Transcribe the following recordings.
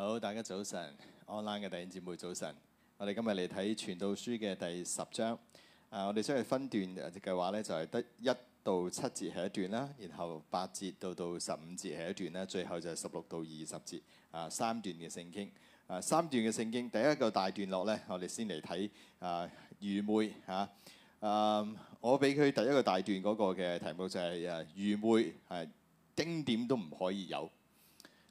好，大家早晨，online 嘅弟兄姊妹早晨。我哋今日嚟睇《傳道書》嘅第十章。啊，我哋將嚟分段嘅計劃咧，就係得一到七節，係一段啦，然後八節到到十五節，係一段啦，最後就係十六到二十節，啊，三段嘅聖經。啊，三段嘅聖經第一個大段落咧，我哋先嚟睇啊，愚昧吓。啊，我俾佢第一個大段嗰個嘅題目就係、是、誒、啊、愚昧係、啊、經典都唔可以有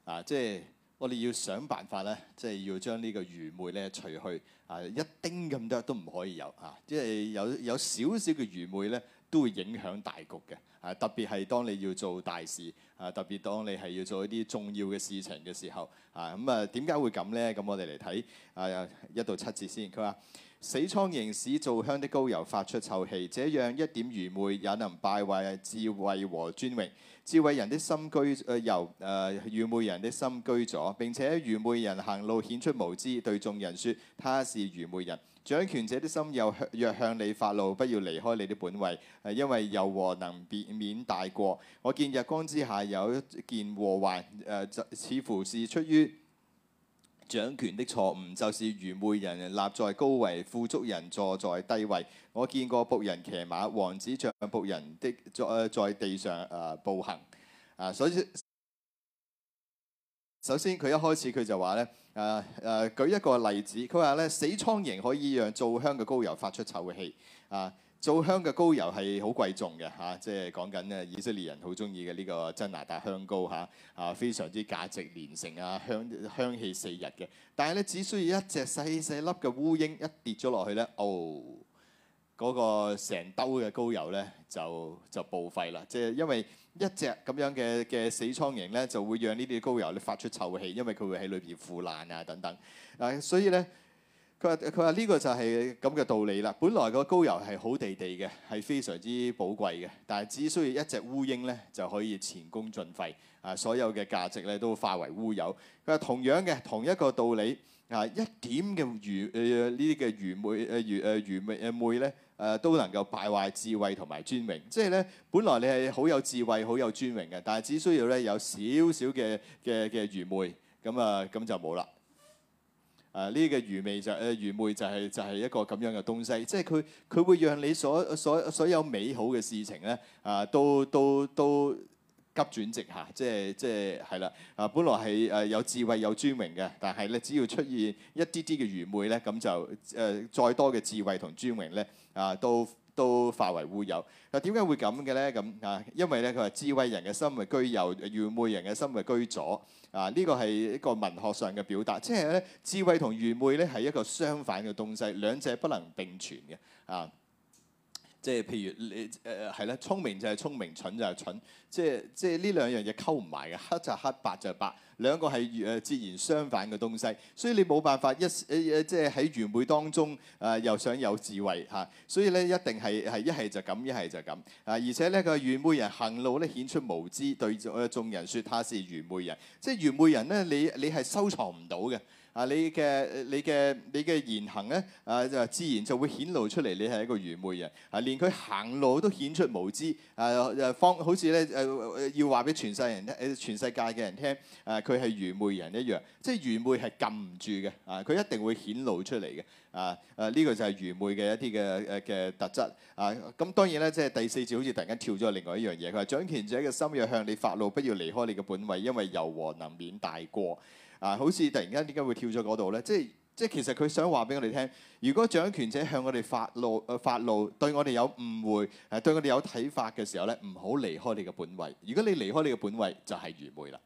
啊，即係。我哋要想辦法咧，即係要將呢個愚昧咧除去，啊，一丁咁多都唔可以有啊！即係有有少少嘅愚昧咧，都會影響大局嘅。啊，特別係當你要做大事，啊，特別當你係要做一啲重要嘅事情嘅時候，啊咁啊點解、啊、會咁咧？咁我哋嚟睇啊一到七節先。佢話：死蒼蠅使做香的膏油，發出臭氣，這樣一點愚昧也能敗壞智慧和尊榮。智慧人的心居誒由誒愚昧人的心居左，並且愚昧人行路顯出無知，對眾人説他是愚昧人。掌權者的心又若向你發怒，不要離開你的本位，因為又何能避免大過？我見日光之下有一件禍患誒、呃，似乎是出於。掌權的錯誤就是愚昧人人立在高位，富足人坐在低位。我見過僕人騎馬，王子像僕人的在在地上啊步、呃、行啊。所以首先佢一開始佢就話咧，誒、啊、誒、啊、舉一個例子，佢話咧死蒼蠅可以讓造香嘅高油發出臭氣啊。做香嘅膏油係好貴重嘅嚇，即係講緊咧以色列人好中意嘅呢個真哪噠香膏嚇啊，啊，非常之價值連城啊，香香氣四溢嘅。但係咧，只需要一隻細細粒嘅烏蠅一跌咗落去咧，哦，嗰、那個成兜嘅膏油咧就就報廢啦。即、就、係、是、因為一隻咁樣嘅嘅死蒼蠅咧，就會讓呢啲膏油咧發出臭氣，因為佢會喺裏邊腐爛啊等等。啊，所以咧。佢話：佢話呢個就係咁嘅道理啦。本來個膏油係好地地嘅，係非常之寶貴嘅，但係只需要一隻烏蠅咧，就可以前功盡廢啊！所有嘅價值咧都化為烏有。佢話同樣嘅同一個道理啊，一點嘅愚誒呢啲嘅愚昧誒愚誒愚昧誒昧咧誒，都能夠敗壞智慧同埋尊榮。即係咧，本來你係好有智慧、好有尊榮嘅，但係只需要咧有少少嘅嘅嘅愚昧，咁啊咁就冇啦。啊！呢、這個愚，愚昧就誒愚昧就係就係一個咁樣嘅東西，即係佢佢會讓你所所所有美好嘅事情咧，啊，都都都急轉直下，即係即係係啦！啊，本來係誒有智慧有尊榮嘅，但係咧只要出現一啲啲嘅愚昧咧，咁就誒、啊、再多嘅智慧同尊榮咧，啊都～都化為烏有。嗱，點解會咁嘅咧？咁啊，因為咧佢話智慧人嘅心為居右，愚昧人嘅心為居左。啊，呢個係一個文學上嘅表達，即係咧智慧同愚昧咧係一個相反嘅東西，兩者不能並存嘅。啊，即係譬如你誒係啦，聰明就係聰明，蠢就係蠢，即係即係呢兩樣嘢溝唔埋嘅，黑就係黑，白就係白。兩個係誒截然相反嘅東西，所以你冇辦法一誒誒、呃呃，即係喺愚昧當中，誒、呃、又想有智慧嚇、啊，所以咧一定係係一係就咁，一係就咁啊！而且呢個愚昧人行路咧顯出無知，對眾人説他是愚昧人，即係愚昧人咧，你你係收藏唔到嘅。啊！你嘅你嘅你嘅言行咧，啊就自然就會顯露出嚟，你係一個愚昧人。啊，連佢行路都顯出無知。啊，方好似咧，誒、啊、要話俾全世界嘅人，人聽，誒佢係愚昧人一樣。即係愚昧係禁唔住嘅，啊佢一定會顯露出嚟嘅。啊誒呢、啊這個就係愚昧嘅一啲嘅誒嘅特質。啊咁、啊、當然咧，即係第四節好似突然間跳咗另外一樣嘢。佢話：掌拳者嘅心若向你發怒，不要離開你嘅本位，因為柔和能免大過。啊！好似突然間點解會跳咗嗰度呢？即係即係其實佢想話俾我哋聽，如果掌權者向我哋發怒、誒、呃、發怒對我哋有誤會，誒、啊、對我哋有睇法嘅時候呢，唔好離開你嘅本位。如果你離開你嘅本位，就係、是、愚昧啦。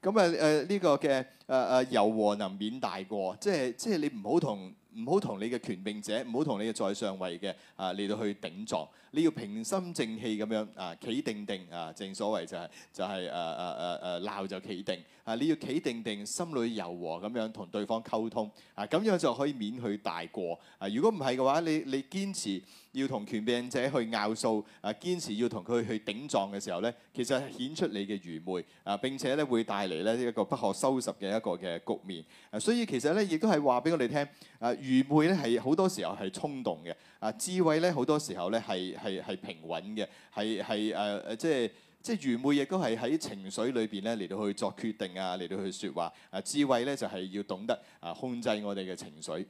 咁啊誒呢、啊啊這個嘅誒誒柔和能免大過，即係即係你唔好同。唔好同你嘅權柄者，唔好同你嘅在上位嘅啊嚟到去頂撞，你要平心靜氣咁樣啊，企定定啊，正所謂就係、是、就係誒誒誒誒鬧就企定啊，你要企定定，心裏柔和咁樣同對方溝通啊，咁樣就可以免去大過啊。如果唔係嘅話，你你堅持，要同權變者去拗數，啊堅持要同佢去頂撞嘅時候咧，其實顯出你嘅愚昧啊！並且咧會帶嚟咧一個不可收拾嘅一個嘅局面啊！所以其實咧亦都係話俾我哋聽啊，愚昧咧係好多時候係衝動嘅啊，智慧咧好多時候咧係係係平穩嘅，係係誒誒即係即係愚昧亦都係喺情緒裏邊咧嚟到去作決定啊，嚟到去説話啊，智慧咧就係要懂得啊控制我哋嘅情緒。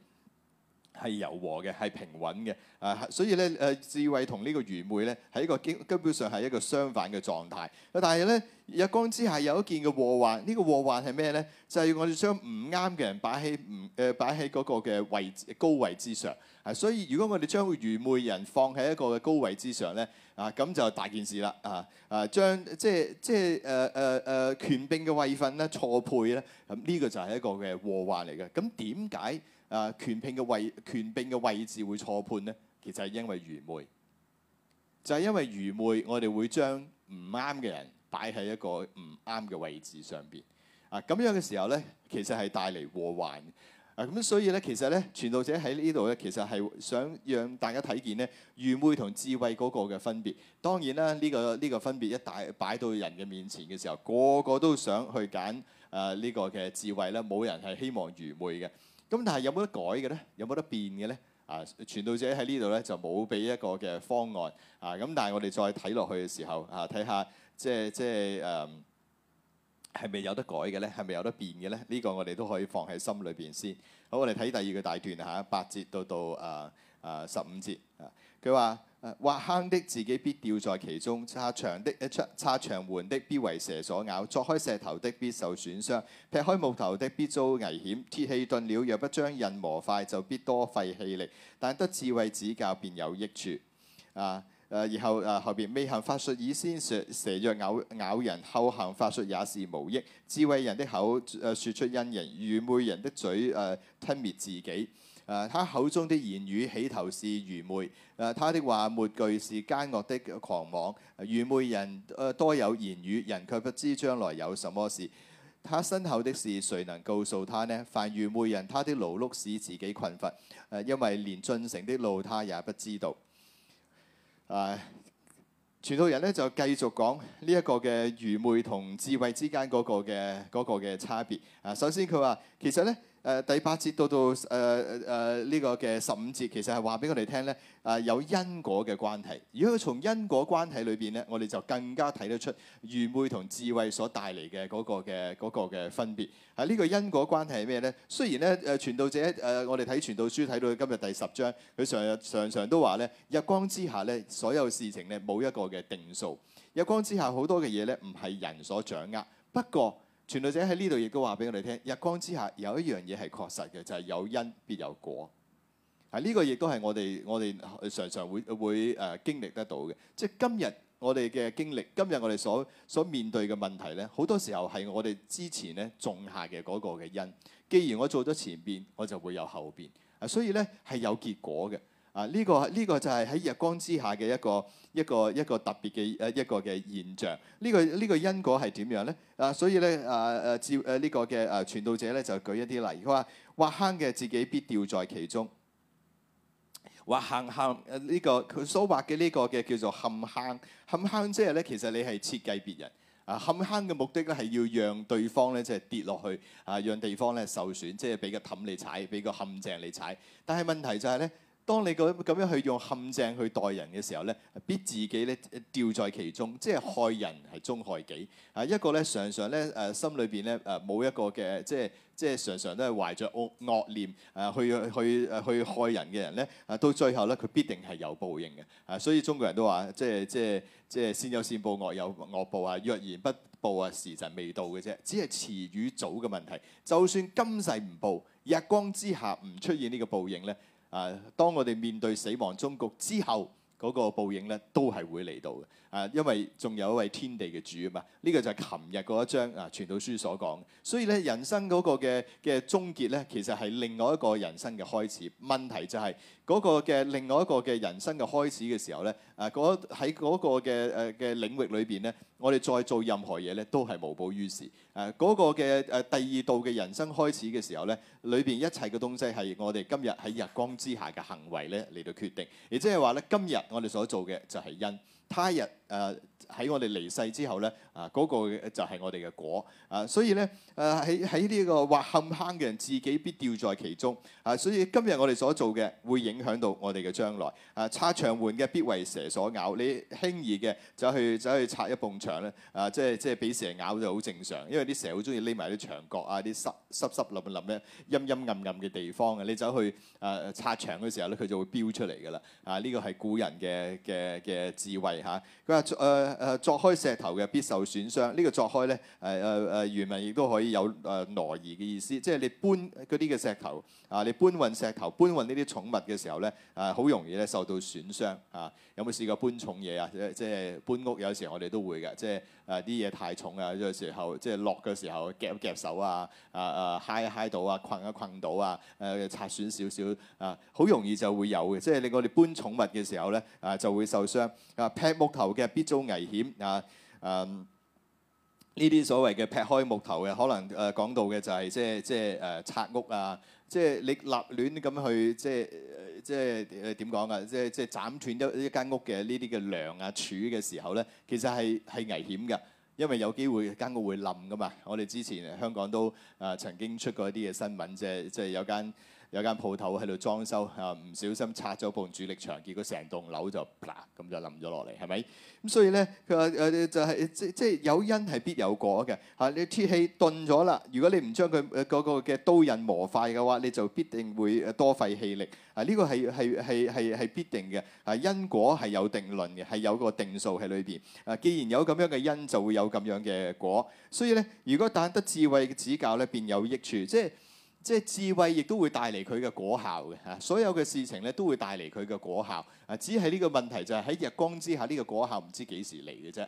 係柔和嘅，係平穩嘅啊，所以咧，誒智慧同呢個愚昧咧，係一個基根本上係一個相反嘅狀態。但係咧，日光之下有一件嘅禍患，呢、這個禍患係咩咧？就係、是、我哋將唔啱嘅人擺喺唔誒擺喺嗰個嘅位高位之上啊。所以如果我哋將愚昧人放喺一個嘅高位之上咧啊，咁就大件事啦啊啊，將、啊、即係即係誒誒誒權柄嘅位份咧錯配咧，咁、啊、呢、這個就係一個嘅禍患嚟嘅。咁點解？啊，權柄嘅位，權柄嘅位置會錯判呢？其實係因為愚昧，就係、係、因為愚昧，我哋會將唔啱嘅人擺喺一個唔啱嘅位置上邊啊。咁樣嘅時候呢，其實係帶嚟禍患啊。咁所以呢，其實呢，傳道者喺呢度呢，其實係想讓大家睇見呢愚昧同智慧嗰個嘅分別。當然啦，呢、呢個呢、呢個分別一擺擺到人嘅面前嘅時候，個個都想去揀啊呢、呢個嘅智慧咧，冇、啊、人係希望愚昧嘅。咁但係有冇得改嘅咧？有冇得變嘅咧？啊，傳道者喺呢度咧就冇俾一個嘅方案啊！咁但係我哋再睇落去嘅時候啊，睇下即係即係誒係咪有得改嘅咧？係咪有得變嘅咧？呢個我哋都可以放喺心裏邊先。好，我哋睇第二個大段嚇，八節到到誒誒十五節啊。佢話，啊啊挖、啊、坑的自己必掉在其中，擦牆的、一出擦牆門的必為蛇所咬，鑿開石頭的必受損傷，劈開木頭的必遭危險，鐵器鈍了若不將刃磨快，就必多費氣力。但得智慧指教便有益處。啊！誒、啊，然、啊、後誒、啊、後邊未行法術，以先蛇蛇若咬咬人，後行法術也是無益。智慧人的口誒說出恩人，愚昧人的嘴誒吞、啊、滅自己。誒、啊，他口中的言語起頭是愚昧，誒、啊，他的話末句是奸惡的狂妄。啊、愚昧人誒、呃、多有言語，人卻不知將來有什麼事。他身後的事，誰能告訴他呢？凡愚昧人，他的勞碌使自己困乏，誒、啊，因為連進城的路他也不知道。誒、啊，傳道人咧就繼續講呢一個嘅愚昧同智慧之間嗰個嘅嗰個嘅差別。誒、啊，首先佢話其實咧。誒第八節到到誒誒誒呢個嘅十五節，其實係話俾我哋聽咧，啊、呃、有因果嘅關係。如果佢從因果關係裏邊咧，我哋就更加睇得出愚昧同智慧所帶嚟嘅嗰個嘅嗰個嘅分別。啊，呢、這個因果關係係咩咧？雖然咧誒傳道者誒、呃，我哋睇傳道書睇到今日第十章，佢常常常都話咧，日光之下咧，所有事情咧冇一個嘅定數。日光之下好多嘅嘢咧，唔係人所掌握。不過傳道者喺呢度亦都話俾我哋聽，日光之下有一樣嘢係確實嘅，就係、是、有因必有果。啊，呢、這個亦都係我哋我哋常常會會誒、啊、經歷得到嘅。即係今日我哋嘅經歷，今日我哋所所面對嘅問題咧，好多時候係我哋之前咧種下嘅嗰個嘅因。既然我做咗前邊，我就會有後邊。啊，所以咧係有結果嘅。啊！呢個呢個就係喺日光之下嘅一個一個一個特別嘅誒一個嘅現象。呢個呢個因果係點樣咧？啊，所以咧啊啊召誒呢個嘅誒傳道者咧就舉一啲例，佢話挖坑嘅自己必掉在其中。挖坑坑誒呢個佢所挖嘅呢個嘅叫做陷坑，陷坑即係咧其實你係設計別人啊。陷坑嘅目的咧係要讓對方咧即係跌落去啊，讓地方咧受損，即係俾個氹你踩，俾個陷阱你踩。但係問題就係咧。當你咁咁樣去用陷阱去待人嘅時候咧，必自己咧掉在其中，即係害人係終害己啊！一個咧常常咧誒心裏邊咧誒冇一個嘅即係即係常常都係懷着惡惡念誒去去誒去，去害人嘅人咧，啊到最後咧佢必定係有報應嘅啊！所以中國人都話即係即係即係善有善報，惡有惡報啊！若然不報啊，時辰未到嘅啫，只係遲與早嘅問題。就算今世唔報，日光之下唔出現呢個報應咧。啊！當我哋面對死亡終局之後，嗰個報應咧，都係會嚟到嘅。啊，因為仲有一位天地嘅主啊嘛，呢、這個就係琴日嗰一章啊《傳道書》所講。所以咧，人生嗰個嘅嘅終結咧，其實係另外一個人生嘅開始。問題就係、是、嗰、那個嘅另外一個嘅人生嘅開始嘅時候咧，啊喺嗰個嘅誒嘅領域裏邊咧，我哋再做任何嘢咧都係無補於事。誒、啊、嗰、那個嘅誒、啊、第二度嘅人生開始嘅時候咧，裏邊一切嘅東西係我哋今日喺日光之下嘅行為咧嚟到決定，亦即係話咧，今日我哋所做嘅就係因。他日誒喺、uh，我哋離世之後咧。啊，嗰、那個就係我哋嘅果啊，所以咧，誒喺喺呢個挖陷坑嘅人自己必掉在其中啊，所以今日我哋所做嘅會影響到我哋嘅將來啊，拆牆垣嘅必為蛇所咬，你輕易嘅就去就去拆一埲牆咧啊，即係即係俾蛇咬就好正常，因為啲蛇好中意匿埋啲牆角啊、啲濕濕濕淋淋咧、陰陰暗暗嘅地方嘅，你走去誒拆牆嘅時候咧，佢就會飆出嚟噶啦啊，呢、這個係古人嘅嘅嘅智慧嚇，佢話誒誒鑿開石頭嘅必受，受。損傷。呢個作開咧，誒誒誒漁民亦都可以有誒挪移嘅意思，即係你搬嗰啲嘅石頭啊，你搬運石頭、搬運呢啲重物嘅時候咧，啊好容易咧受到損傷啊！有冇試過搬重嘢啊？即係搬屋有時我哋都會嘅，即係啊啲嘢太重啊，有時候即係落嘅時候夾一夾手啊，啊啊嗨一嗨到啊，困一困到啊，誒擦損少少啊，好容易就會有嘅。即係你我哋搬重物嘅時候咧啊，就會受傷啊。劈木頭嘅必遭危險啊！誒。呢啲所謂嘅劈開木頭嘅，可能誒、呃、講到嘅就係即係即係誒拆屋啊，即係你立亂咁去即係即係點講啊？即係即係斬斷一一間屋嘅呢啲嘅梁啊柱嘅時候咧，其實係係危險嘅，因為有機會間屋會冧噶嘛。我哋之前香港都啊、呃、曾經出過一啲嘅新聞，即係即係有間。有間鋪頭喺度裝修嚇，唔小心拆咗部主力牆，結果成棟樓就啪咁就冧咗落嚟，係咪？咁所以咧，佢話誒就係即即有因係必有果嘅嚇、啊。你鐵器鈍咗啦，如果你唔將佢嗰個嘅刀刃磨快嘅話，你就必定會多費氣力啊！呢、這個係係係係係必定嘅，係、啊、因果係有定論嘅，係有個定數喺裏邊啊！既然有咁樣嘅因，就會有咁樣嘅果。所以咧，如果但得智慧嘅指教咧，便有益處，即係。即係智慧，亦都會帶嚟佢嘅果效嘅，所有嘅事情咧都會帶嚟佢嘅果效。啊，只係呢個問題就係喺日光之下，呢個果效唔知幾時嚟嘅啫。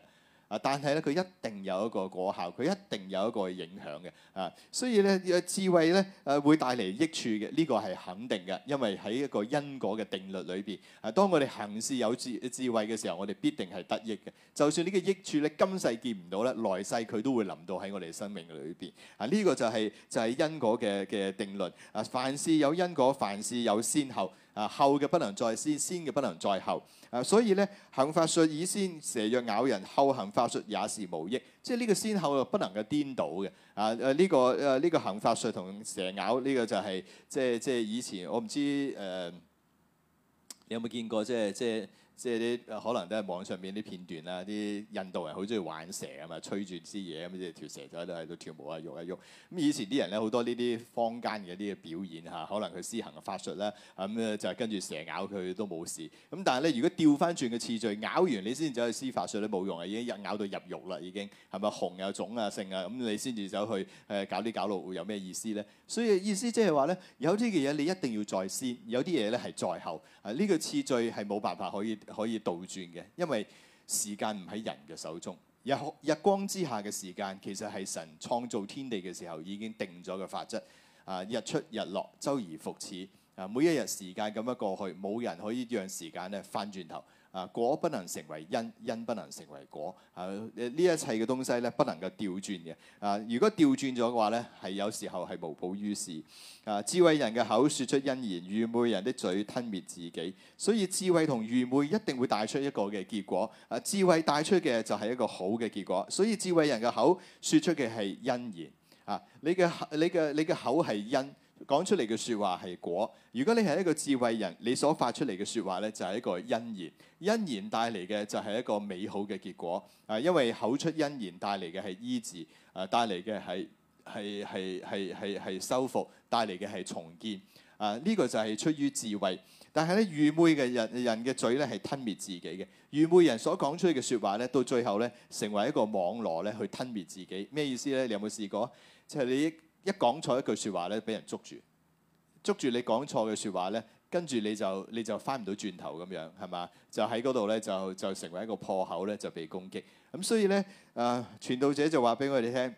啊！但係咧，佢一定有一個果效，佢一定有一個影響嘅。啊，所以咧，智慧咧，誒會帶嚟益處嘅。呢個係肯定嘅，因為喺一個因果嘅定律裏邊，啊，當我哋行事有智智慧嘅時候，我哋必定係得益嘅。就算呢個益處咧，今世見唔到咧，來世佢都會臨到喺我哋嘅生命裏邊。啊，呢個就係就係因果嘅嘅定律。啊，凡事有因果，凡事有先後。啊，後嘅不能再先，先嘅不能再後。啊，所以咧，行法術以先，蛇若咬人，後行法術也是無益。即係呢個先後就不能夠顛倒嘅。啊誒呢、呢個誒呢、啊呢個行法術同蛇咬呢、呢個就係、是、即係即係以前我唔知誒，呃、你有冇見過即係即係。即係啲可能都係網上邊啲片段啦，啲印度人好中意玩蛇啊嘛，吹住支嘢咁，即係條蛇仔喺度喺度跳舞啊，喐一喐。咁以前啲人咧好多呢啲坊間嘅啲嘅表演嚇，可能佢施行法術啦，咁咧就係、是、跟住蛇咬佢都冇事。咁但係咧，如果調翻轉嘅次序，咬完你先至走去施法術咧冇用啊，已經咬到入肉啦，已經係咪紅有腫啊，性啊，咁你先至走去誒搞啲搞路會有咩意思咧？所以意思即係話呢，有啲嘅嘢你一定要在先，有啲嘢呢係在後。啊，呢個次序係冇辦法可以可以倒轉嘅，因為時間唔喺人嘅手中。日日光之下嘅時間，其實係神創造天地嘅時候已經定咗嘅法則。啊，日出日落，周而復始。啊，每一日時間咁樣過去，冇人可以讓時間咧翻轉頭。啊，果不能成為因，因不能成為果。啊，呢一切嘅東西咧，不能夠調轉嘅。啊，如果調轉咗嘅話咧，係有時候係無補於事。啊，智慧人嘅口説出恩言，愚昧人的嘴吞滅自己。所以智慧同愚昧一定會帶出一個嘅結果。啊，智慧帶出嘅就係一個好嘅結果。所以智慧人嘅口説出嘅係恩言。啊，你嘅你嘅你嘅口係因。講出嚟嘅説話係果。如果你係一個智慧人，你所發出嚟嘅説話咧，就係、是、一個恩言。恩言帶嚟嘅就係一個美好嘅結果。啊，因為口出恩言帶嚟嘅係醫治，啊帶嚟嘅係係係係係係修復，帶嚟嘅係重建。啊，呢、這個就係出於智慧。但係咧，愚昧嘅人人嘅嘴咧，係吞滅自己嘅。愚昧人所講出嚟嘅説話咧，到最後咧，成為一個網絡咧，去吞滅自己。咩意思咧？你有冇試過？即、就、係、是、你。一講錯一句説話咧，俾人捉住，捉住你講錯嘅説話咧，跟住你就你就翻唔到轉頭咁樣，係嘛？就喺嗰度咧，就就成為一個破口咧，就被攻擊。咁所以咧，誒、啊、傳道者就話俾我哋聽。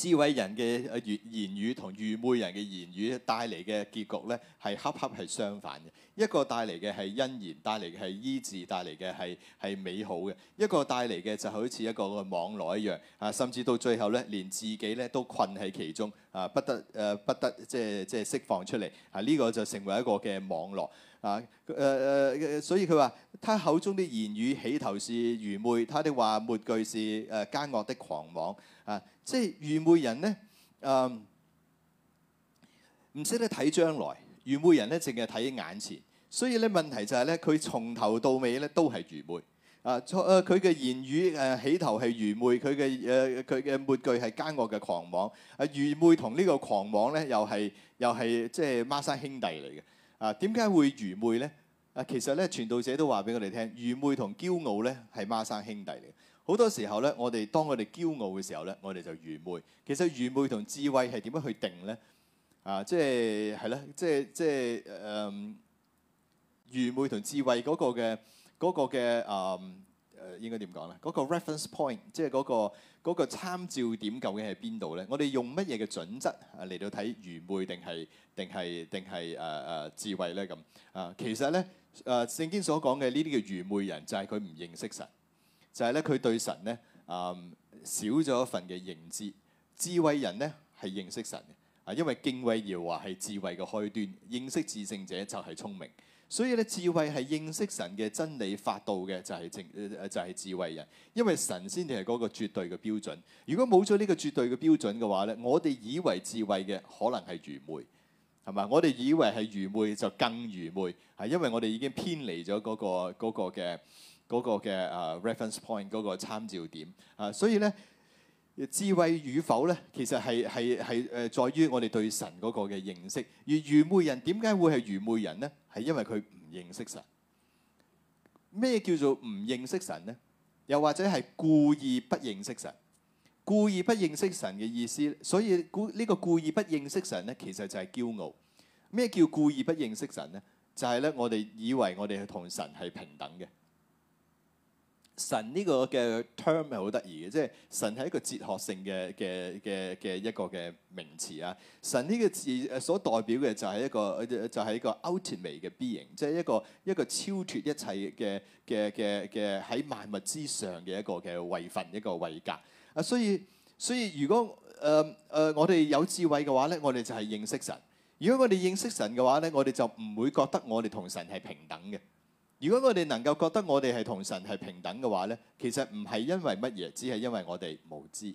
智慧人嘅言言語同愚昧人嘅言語帶嚟嘅結局咧，係恰恰係相反嘅。一個帶嚟嘅係恩言，帶嚟嘅係醫治，帶嚟嘅係係美好嘅。一個帶嚟嘅就好似一個嘅網絡一樣啊，甚至到最後咧，連自己咧都困喺其中啊，不得誒、呃，不得即係即係釋放出嚟啊！呢、這個就成為一個嘅網絡啊誒誒、呃呃，所以佢話：他口中啲言語起頭是愚昧，他的話末句是誒奸惡的狂妄。啊！即係愚昧人咧，唔識得睇將來。愚昧人咧，淨係睇眼前。所以咧問題就係咧，佢從頭到尾咧都係愚昧。啊，佢嘅言語誒起頭係愚昧，佢嘅誒佢嘅末句係奸惡嘅狂妄。啊，愚昧同呢個狂妄咧，又係又係即係孖生兄弟嚟嘅。啊，點解會愚昧咧？啊，其實咧傳道者都話俾我哋聽，愚昧同驕傲咧係孖生兄弟嚟。好多時候咧，我哋當我哋驕傲嘅時候咧，我哋就愚昧。其實愚昧同智慧係點樣去定咧？啊，即係係咧，即係即係誒，愚昧同智慧嗰個嘅嗰個嘅誒誒，應該點講咧？嗰個 reference point，即係嗰個嗰個參照點，究竟係邊度咧？我哋用乜嘢嘅準則啊嚟到睇愚昧定係定係定係誒誒智慧咧？咁啊，其實咧誒聖經所講嘅呢啲叫愚昧人，就係佢唔認識神。就係咧，佢對神咧，嗯少咗一份嘅認知。智慧人咧係認識神啊，因為敬畏耶和華係智慧嘅開端。認識至聖者就係聰明，所以咧智慧係認識神嘅真理法道嘅，就係正，就係、是、智慧人。因為神先至係嗰個絕對嘅標準。如果冇咗呢個絕對嘅標準嘅話咧，我哋以為智慧嘅可能係愚昧，係嘛？我哋以為係愚昧就更愚昧，係因為我哋已經偏離咗嗰、那個嘅。那個嗰個嘅啊 reference point 嗰個參照點啊，所以咧智慧與否咧，其實係係係誒，在於我哋對神嗰個嘅認識。而愚昧人點解會係愚昧人咧？係因為佢唔認識神。咩叫做唔認識神咧？又或者係故意不認識神？故意不認識神嘅意思，所以故呢個故意不認識神咧，其實就係驕傲。咩叫故意不認識神咧？就係、是、咧，我哋以為我哋同神係平等嘅。神呢個嘅 term 係好得意嘅，即係神係一個哲學性嘅嘅嘅嘅一個嘅名詞啊。神呢個字誒所代表嘅就係一個誒就係、是、一個 ultimate being，即係一個一個超脫一切嘅嘅嘅嘅喺萬物之上嘅一個嘅位份一個位格啊。所以所以如果誒誒、呃呃、我哋有智慧嘅話咧，我哋就係認識神。如果我哋認識神嘅話咧，我哋就唔會覺得我哋同神係平等嘅。如果我哋能夠覺得我哋係同神係平等嘅話咧，其實唔係因為乜嘢，只係因為我哋無知。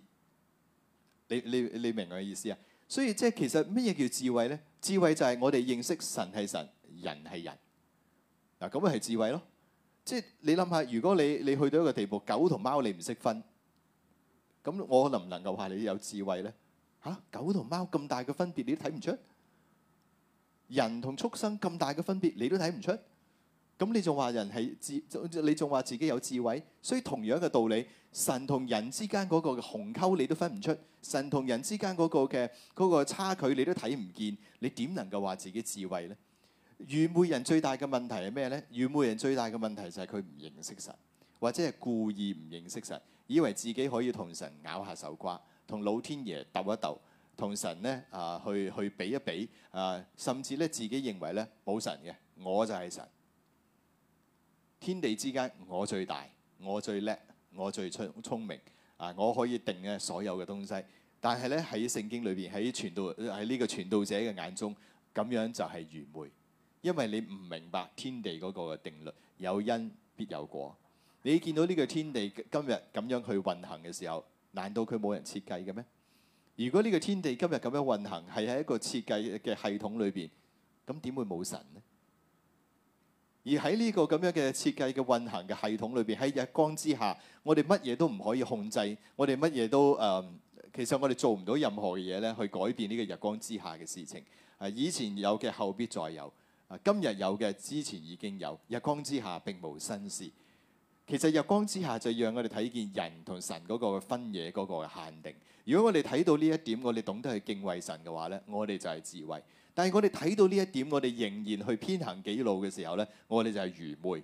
你你你明我嘅意思啊？所以即係其實乜嘢叫智慧咧？智慧就係我哋認識神係神，人係人。嗱，咁咪係智慧咯。即係你諗下，如果你你去到一個地步，狗同貓你唔識分，咁我能唔能夠話你有智慧咧？嚇，狗同貓咁大嘅分別你都睇唔出，人同畜生咁大嘅分別你都睇唔出。咁你仲話人係自，你仲話自己有智慧？所以同樣嘅道理，神同人之間嗰個嘅鴻溝，你都分唔出；神同人之間嗰個嘅嗰、嗰個、差距，你都睇唔見。你點能夠話自己智慧呢？愚昧人最大嘅問題係咩呢？愚昧人最大嘅問題就係佢唔認識神，或者係故意唔認識神，以為自己可以同神咬下手瓜，同老天爺鬥一鬥，同神呢啊去去比一比啊，甚至咧自己認為咧冇神嘅，我就係神。天地之間，我最大，我最叻，我最聰聰明啊！我可以定嘅所有嘅東西，但係咧喺聖經裏邊，喺傳道喺呢個傳道者嘅眼中，咁樣就係愚昧，因為你唔明白天地嗰個定律，有因必有果。你見到呢個天地今日咁樣去運行嘅時候，難道佢冇人設計嘅咩？如果呢個天地今日咁樣運行係喺一個設計嘅系統裏邊，咁點會冇神呢？而喺呢個咁樣嘅設計嘅運行嘅系統裏邊，喺日光之下，我哋乜嘢都唔可以控制，我哋乜嘢都誒、嗯，其實我哋做唔到任何嘢咧，去改變呢個日光之下嘅事情。啊，以前有嘅後必再有，啊，今日有嘅之前已經有，日光之下並無新事。其實日光之下就讓我哋睇見人同神嗰個分野嗰個限定。如果我哋睇到呢一點，我哋懂得去敬畏神嘅話咧，我哋就係智慧。但係我哋睇到呢一點，我哋仍然去偏行己路嘅時候呢，我哋就係愚昧。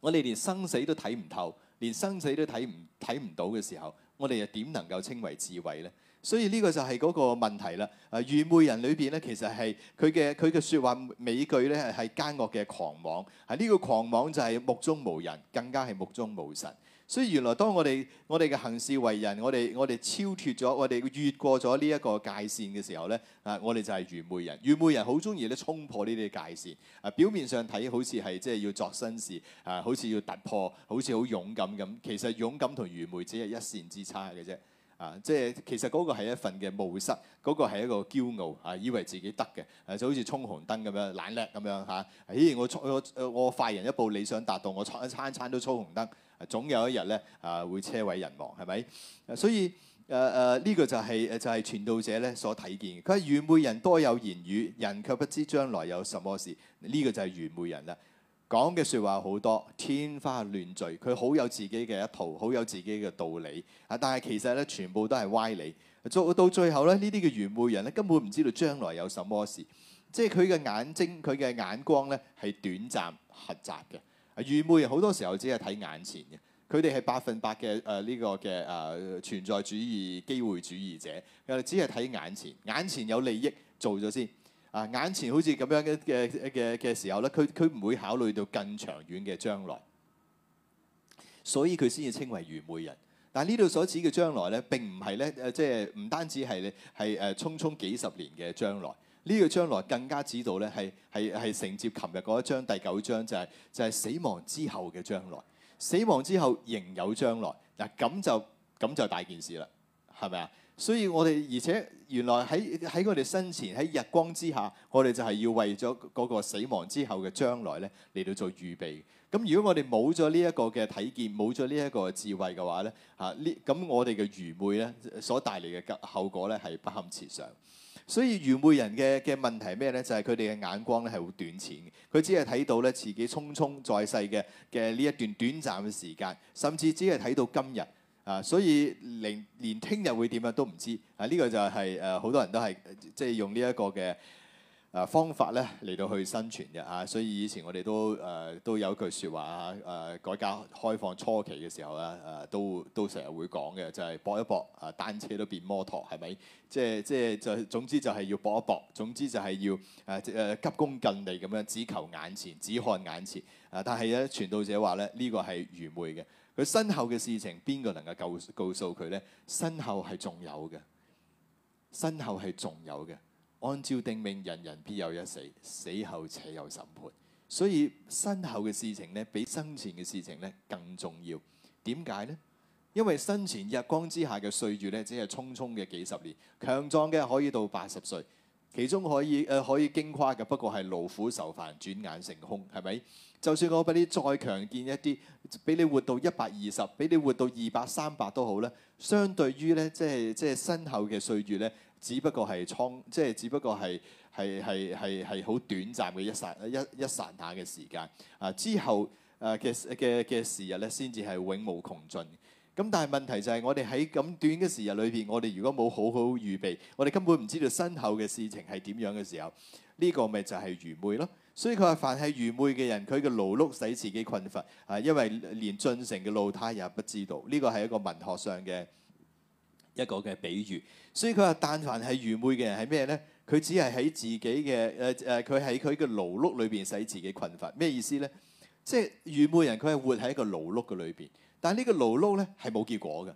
我哋連生死都睇唔透，連生死都睇唔睇唔到嘅時候，我哋又點能夠稱為智慧呢？所以呢個就係嗰個問題啦。啊，愚昧人裏邊呢，其實係佢嘅佢嘅説話尾句呢，係奸惡嘅狂妄。係呢個狂妄就係目中無人，更加係目中無神。所以原來當我哋我哋嘅行事為人，我哋我哋超脫咗，我哋越過咗呢一個界線嘅時候咧，啊，我哋就係愚昧人。愚昧人好中意咧衝破呢啲界線啊。表面上睇好似係即係要作新事啊，好似要突破，好似好勇敢咁。其實勇敢同愚昧只係一線之差嘅啫啊。即係其實嗰個係一份嘅冒失，嗰個係一個驕傲啊，以為自己得嘅啊，就好似衝紅燈咁樣懶叻咁樣嚇。咦、啊！我我，我，我快人一步，理想達到我餐餐都衝紅燈。總有一日咧，啊會車毀人亡，係咪？所以，誒、呃、誒，呢、這個就係、是、誒就係、是、傳道者咧所睇見嘅。佢係愚昧人多有言語，人卻不知將來有什麼事。呢、這個就係愚昧人啦，講嘅説話好多，天花亂墜。佢好有自己嘅一套，好有自己嘅道理。啊，但係其實咧，全部都係歪理。做到最後咧，呢啲嘅愚昧人咧，根本唔知道將來有什麼事。即係佢嘅眼睛，佢嘅眼光咧係短暫狹窄嘅。愚昧人好多時候只係睇眼前嘅，佢哋係百分百嘅誒呢個嘅誒、呃、存在主義機會主義者，只係睇眼前，眼前有利益做咗先啊！眼前好似咁樣嘅嘅嘅嘅時候咧，佢佢唔會考慮到更長遠嘅將來，所以佢先至稱為愚昧人。但呢度所指嘅將來咧，並唔係咧誒，即係唔單止係咧係誒匆匆幾十年嘅將來。呢個將來更加指導咧，係係係承接琴日嗰一章第九章、就係，就係就係死亡之後嘅將來。死亡之後仍有將來，嗱咁就咁就大件事啦，係咪啊？所以我哋而且原來喺喺我哋身前喺日光之下，我哋就係要為咗嗰個死亡之後嘅將來咧嚟到做預備。咁如果我哋冇咗呢一個嘅體見，冇咗呢一個智慧嘅話咧，嚇呢咁我哋嘅愚昧咧所帶嚟嘅後果咧係不堪設想。所以愚昧人嘅嘅問題咩咧？就係佢哋嘅眼光咧係好短淺嘅，佢只係睇到咧自己匆匆在世嘅嘅呢一段短暫嘅時間，甚至只係睇到今日啊，所以連連聽日會點樣都唔知啊！呢個就係誒好多人都係即係用呢一個嘅。誒、啊、方法咧嚟到去生存嘅嚇、啊，所以以前我哋都誒、啊、都有一句說話，嚇、啊、誒，改革開放初期嘅時候啊誒，都都成日會講嘅，就係、是、搏一搏，誒、啊、單車都變摩托，係咪？即係即係就總之就係要搏一搏，總之就係要誒誒、啊啊、急功近利咁樣，只求眼前，只看眼前。誒、啊，但係咧傳道者話咧，呢、這個係愚昧嘅。佢身後嘅事情，邊個能夠告告訴佢咧？身後係仲有嘅，身後係仲有嘅。按照定命，人人必有一死，死後且有審判，所以身後嘅事情咧，比生前嘅事情咧更重要。點解呢？因為生前日光之下嘅歲月咧，只係匆匆嘅幾十年，強壯嘅可以到八十歲，其中可以誒、呃、可以矜誇嘅，不過係勞苦愁煩，轉眼成空，係咪？就算我俾你再強健一啲，俾你活到一百二十，俾你活到二百三百都好咧，相對於咧，即係即係身後嘅歲月咧。只不過係倉，即係只不過係係係係係好短暫嘅一剎一一剎那嘅時間。啊，之後誒嘅嘅嘅時日咧，先至係永無窮盡。咁但係問題就係，我哋喺咁短嘅時日裏邊，我哋如果冇好好預備，我哋根本唔知道身後嘅事情係點樣嘅時候，呢個咪就係愚昧咯。所以佢話：凡係愚昧嘅人，佢嘅勞碌使自己困乏，啊，因為連進城嘅路他也不知道。呢個係一個文學上嘅一個嘅比喻。所以佢話：但凡係愚昧嘅人係咩咧？佢只係喺自己嘅誒誒，佢喺佢嘅勞碌裏邊使自己困乏。咩意思咧？即係愚昧人佢係活喺個勞碌嘅裏邊，但係呢個勞碌咧係冇結果嘅，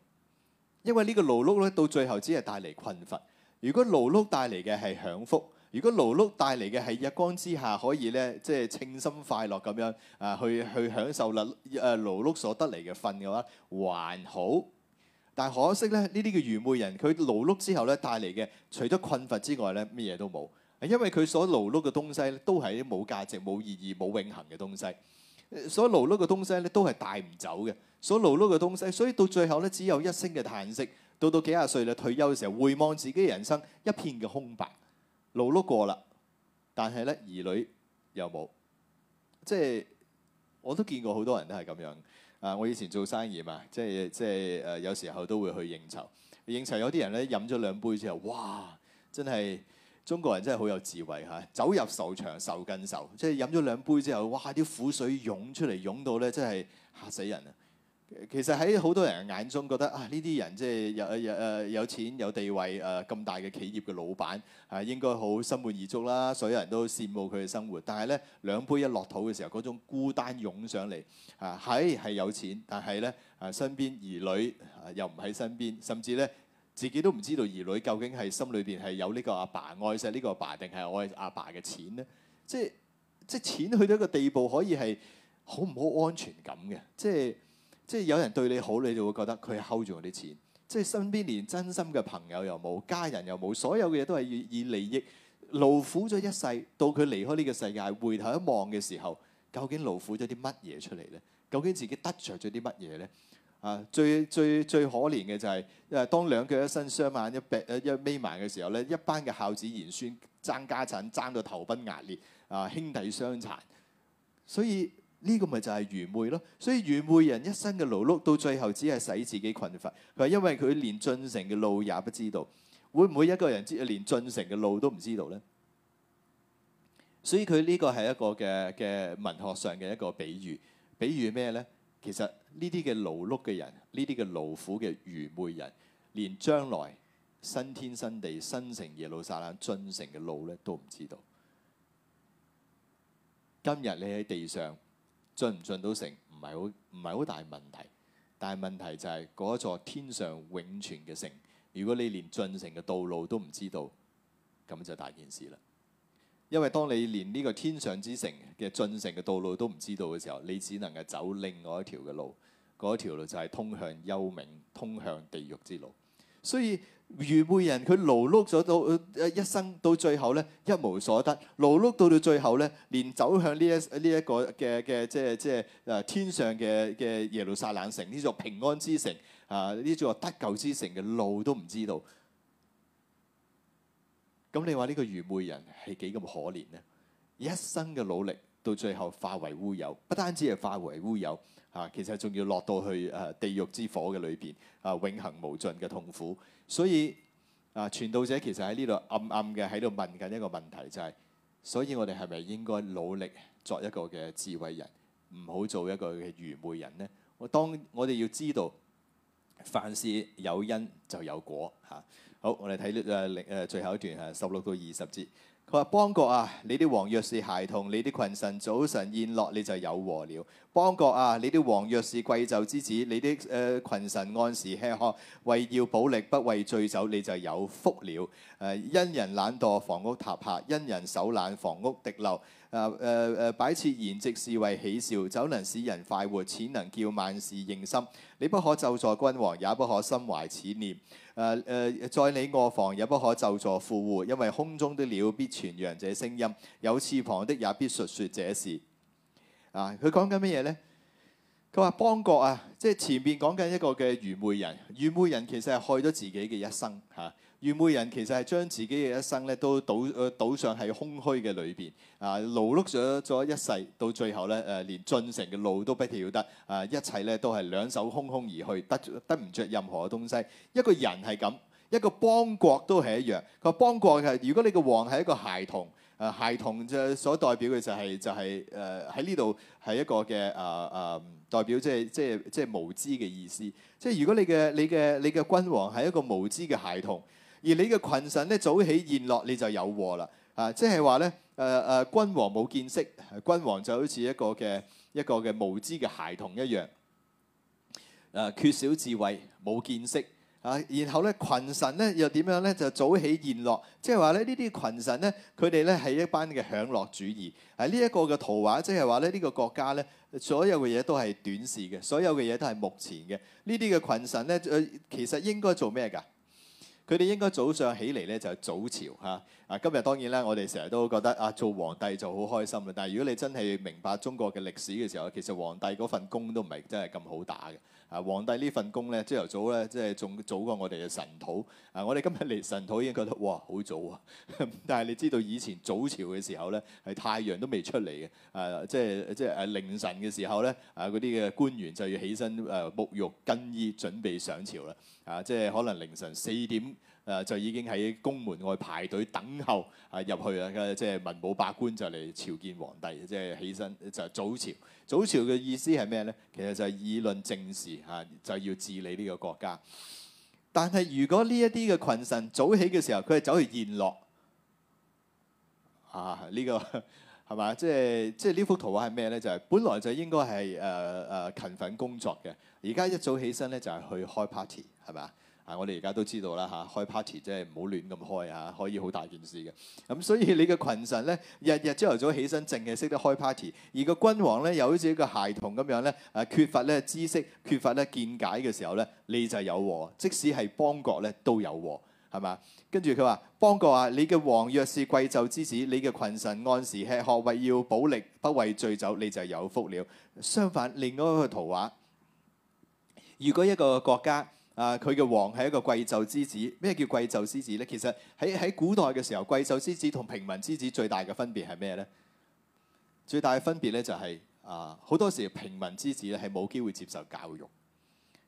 因為呢個勞碌咧到最後只係帶嚟困乏。如果勞碌帶嚟嘅係享福，如果勞碌帶嚟嘅係日光之下可以咧即係清心快樂咁樣啊，去去享受啦誒勞碌所得嚟嘅份嘅話，還好。但可惜咧，呢啲嘅愚昧人，佢勞碌之後咧，帶嚟嘅除咗困乏之外咧，乜嘢都冇。因為佢所勞碌嘅東西咧，都係啲冇價值、冇意義、冇永恆嘅東西。所勞碌嘅東西咧，都係帶唔走嘅。所勞碌嘅東西，所以到最後咧，只有一聲嘅嘆息。到到幾廿歲啦，退休嘅時候，回望自己人生一片嘅空白，勞碌過啦，但係咧，兒女又冇，即係。我都見過好多人都係咁樣啊！我以前做生意嘛，即係即係誒，有時候都會去應酬。應酬，有啲人咧飲咗兩杯之後，哇！真係中國人真係好有智慧嚇，啊，酒入愁腸，愁更愁。即係飲咗兩杯之後，哇！啲苦水湧出嚟，湧到咧真係嚇死人啊！其實喺好多人眼中覺得啊，呢啲人即係有有誒有錢有地位誒咁、啊、大嘅企業嘅老闆啊，應該好心滿意足啦，所有人都羨慕佢嘅生活。但係咧，兩杯一落肚嘅時候，嗰種孤單湧上嚟啊！喺、哎、係有錢，但係咧啊，身邊兒女又唔喺身邊，甚至咧自己都唔知道兒女究竟係心裏邊係有呢個阿爸愛錫呢個阿爸，定係愛阿爸嘅錢咧？即係即係錢去到一個地步，可以係好唔好安全感嘅？即係。即係有人對你好，你就會覺得佢係睺住我啲錢。即係身邊連真心嘅朋友又冇，家人又冇，所有嘅嘢都係以利益。勞苦咗一世，到佢離開呢個世界，回頭一望嘅時候，究竟勞苦咗啲乜嘢出嚟呢？究竟自己得着咗啲乜嘢呢？啊，最最最可憐嘅就係、是，誒，當兩腳一伸雙眼一一眯埋嘅時候咧，一班嘅孝子賢孫爭家產，爭到頭崩額裂，啊，兄弟相殘。所以。呢個咪就係愚昧咯，所以愚昧人一生嘅勞碌，到最後只係使自己困乏。佢話因為佢連進城嘅路也不知道，會唔會一個人知連進城嘅路都唔知道呢？所以佢呢個係一個嘅嘅文學上嘅一個比喻，比喻咩呢？其實呢啲嘅勞碌嘅人，呢啲嘅勞苦嘅愚昧人，連將來新天新地、新城耶路撒冷進城嘅路咧都唔知道。今日你喺地上。進唔進到城唔係好唔係好大問題，但係問題就係、是、嗰座天上永存嘅城，如果你連進城嘅道路都唔知道，咁就大件事啦。因為當你連呢個天上之城嘅進城嘅道路都唔知道嘅時候，你只能夠走另外一條嘅路，嗰條路就係通向幽冥、通向地獄之路，所以。愚昧人佢勞碌咗到一生，到最後咧一無所得，勞碌到到最後咧，連走向呢一呢一個嘅嘅即係即係天上嘅嘅耶路撒冷城，呢座平安之城，啊呢座得救之城嘅路都唔知道。咁你話呢個愚昧人係幾咁可憐呢？一生嘅努力到最後化為烏有，不單止係化為烏有。啊，其實仲要落到去誒地獄之火嘅裏邊啊，永恆無盡嘅痛苦。所以啊，傳道者其實喺呢度暗暗嘅喺度問緊一個問題，就係、是，所以我哋係咪應該努力作一個嘅智慧人，唔好做一個嘅愚昧人呢？我當我哋要知道，凡事有因就有果嚇、啊。好，我哋睇誒誒最後一段嚇，十六到二十節。佢話：邦國啊，你啲王若是孩童，你啲群臣早晨宴樂，你就有禍了。邦國啊，你啲王若是貴胄之子，你啲誒、呃、群臣按時吃喝，為要保力不為醉酒，你就有福了。誒、呃，因人懶惰房屋塌下，因人手懶房屋滴漏。誒誒誒，擺設筵席是為喜笑，酒能使人快活，錢能叫萬事應心。你不可咒詛君王，也不可心懷此念。誒誒，在、呃、你臥房也不可咒詛富戶，因為空中的鳥必傳揚這聲音，有翅膀的也必述説這事。啊，佢講緊乜嘢呢？佢話邦國啊，即係前面講緊一個嘅愚昧人，愚昧人其實係害咗自己嘅一生嚇。啊愚昧人其實係將自己嘅一生咧都賭誒賭上喺空虛嘅裏邊啊，勞碌咗咗一世，到最後咧誒連進城嘅路都不曉得啊，一切咧都係兩手空空而去，得得唔着任何嘅東西。一個人係咁，一個邦國都係一樣。個邦國係如果你個王係一個孩童，誒、啊、孩童就所代表嘅就係、係、就係誒喺呢度係一個嘅誒誒代表即係即係即係無知嘅意思。即係如果你嘅你嘅你嘅君王係一個無知嘅孩童。而你嘅群臣咧早起宴樂，你就有禍啦！啊，即係話咧，誒、呃、誒君王冇見識，君王就好似一個嘅一個嘅無知嘅孩童一樣，誒、啊、缺少智慧冇見識啊！然後咧群臣咧又點樣咧？就早起宴樂。即係話咧呢啲群臣咧，佢哋咧係一班嘅享樂主義啊！呢、這、一個嘅圖畫即係話咧呢、這個國家咧，所有嘅嘢都係短視嘅，所有嘅嘢都係目前嘅。呢啲嘅群臣咧，誒其實應該做咩噶？佢哋應該早上起嚟咧就係早朝嚇。啊，今日當然啦，我哋成日都覺得啊，做皇帝就好開心啦。但係如果你真係明白中國嘅歷史嘅時候，其實皇帝嗰份工都唔係真係咁好打嘅。啊，皇帝呢份工咧，朝頭早咧，即係仲早過我哋嘅晨禱。啊，我哋今日嚟晨禱已經覺得哇好早啊！但係你知道以前早朝嘅時候咧，係太陽都未出嚟嘅。啊，即係即係凌晨嘅時候咧，啊嗰啲嘅官員就要起身誒沐浴更衣，準備上朝啦。啊，即係可能凌晨四點誒、啊，就已經喺宮門外排隊等候啊入去啊，去即係文武百官就嚟朝見皇帝，即係起身就係、早朝。早朝嘅意思係咩咧？其實就係議論政事嚇、啊，就要治理呢個國家。但係如果呢一啲嘅群臣早起嘅時候，佢係走去宴樂，啊呢、這個係嘛？即係即係呢幅圖畫係咩咧？就係、是、本來就應該係誒誒勤奮工作嘅，而家一早起身咧就係、是、去開 party 係嘛？我哋而家都知道啦嚇，開 party 真係唔好亂咁開嚇，可以好大件事嘅。咁、嗯、所以你嘅群臣咧，日日朝頭早起身，淨係識得開 party；而個君王咧，又好似一個孩童咁樣咧，誒、啊、缺乏咧知識，缺乏咧見解嘅時候咧，你就有禍。即使係邦國咧都有禍，係嘛？跟住佢話：邦國啊，你嘅王若是貴胄之子，你嘅群臣按時吃喝，為要保力，不為醉酒，你就有福了。相反，另外一個圖畫，如果一個國家，啊！佢嘅王係一個貴胄之子。咩叫貴胄之子呢？其實喺喺古代嘅時候，貴胄之子同平民之子最大嘅分別係咩呢？最大嘅分別咧就係、是、啊，好多時平民之子咧係冇機會接受教育，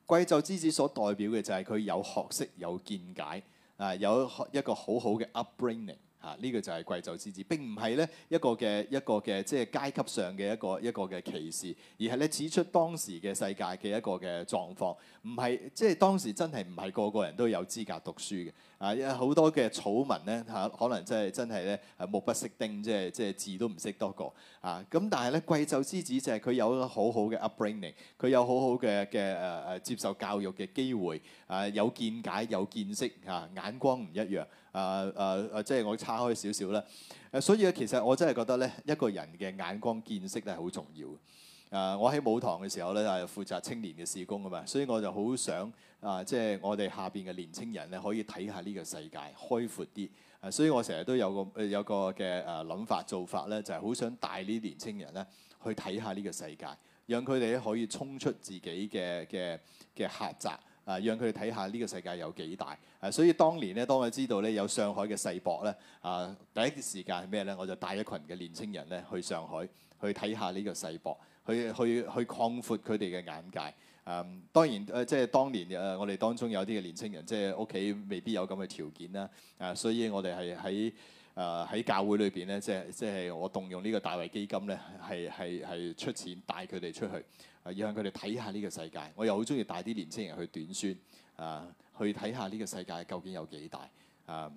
貴胄之子所代表嘅就係佢有學識、有見解啊，有一個好好嘅 upbringing。啊！呢、這個就係貴冑之子，並唔係咧一個嘅一個嘅即係階級上嘅一個一個嘅歧視，而係咧指出當時嘅世界嘅一個嘅狀況，唔係即係當時真係唔係個個人都有資格讀書嘅啊！因為好多嘅草民咧嚇、啊，可能、就是、真係真係咧係目不識丁，即係即係字都唔識多個啊！咁但係咧貴冑之子就係佢有好好嘅 upbringing，佢有好好嘅嘅誒誒接受教育嘅機會啊，有見解有見識嚇、啊，眼光唔一樣。啊啊啊！即係我岔開少少啦。誒、啊，所以其實我真係覺得咧，一個人嘅眼光見識咧係好重要嘅。誒、啊，我喺舞堂嘅時候咧，係、啊、負責青年嘅事工啊嘛，所以我就好想啊，即係我哋下邊嘅年青人咧，可以睇下呢個世界，開闊啲。誒、啊，所以我成日都有個有個嘅誒諗法做法咧，就係好想帶啲年青人咧，去睇下呢個世界，讓佢哋咧可以衝出自己嘅嘅嘅狹窄。啊，讓佢哋睇下呢個世界有幾大啊！所以當年咧，當我知道咧有上海嘅世博咧，啊，第一時間係咩咧？我就帶一群嘅年青人咧去上海，去睇下呢個世博，去去去擴闊佢哋嘅眼界。嗯、啊，當然誒，即、呃、係、就是、當年誒、呃，我哋當中有啲嘅年青人，即係屋企未必有咁嘅條件啦。啊，所以我哋係喺誒喺教會裏邊咧，即係即係我動用呢個大衛基金咧，係係係出錢帶佢哋出去。啊！要向佢哋睇下呢個世界，我又好中意帶啲年青人去短宣啊，去睇下呢個世界究竟有幾大啊。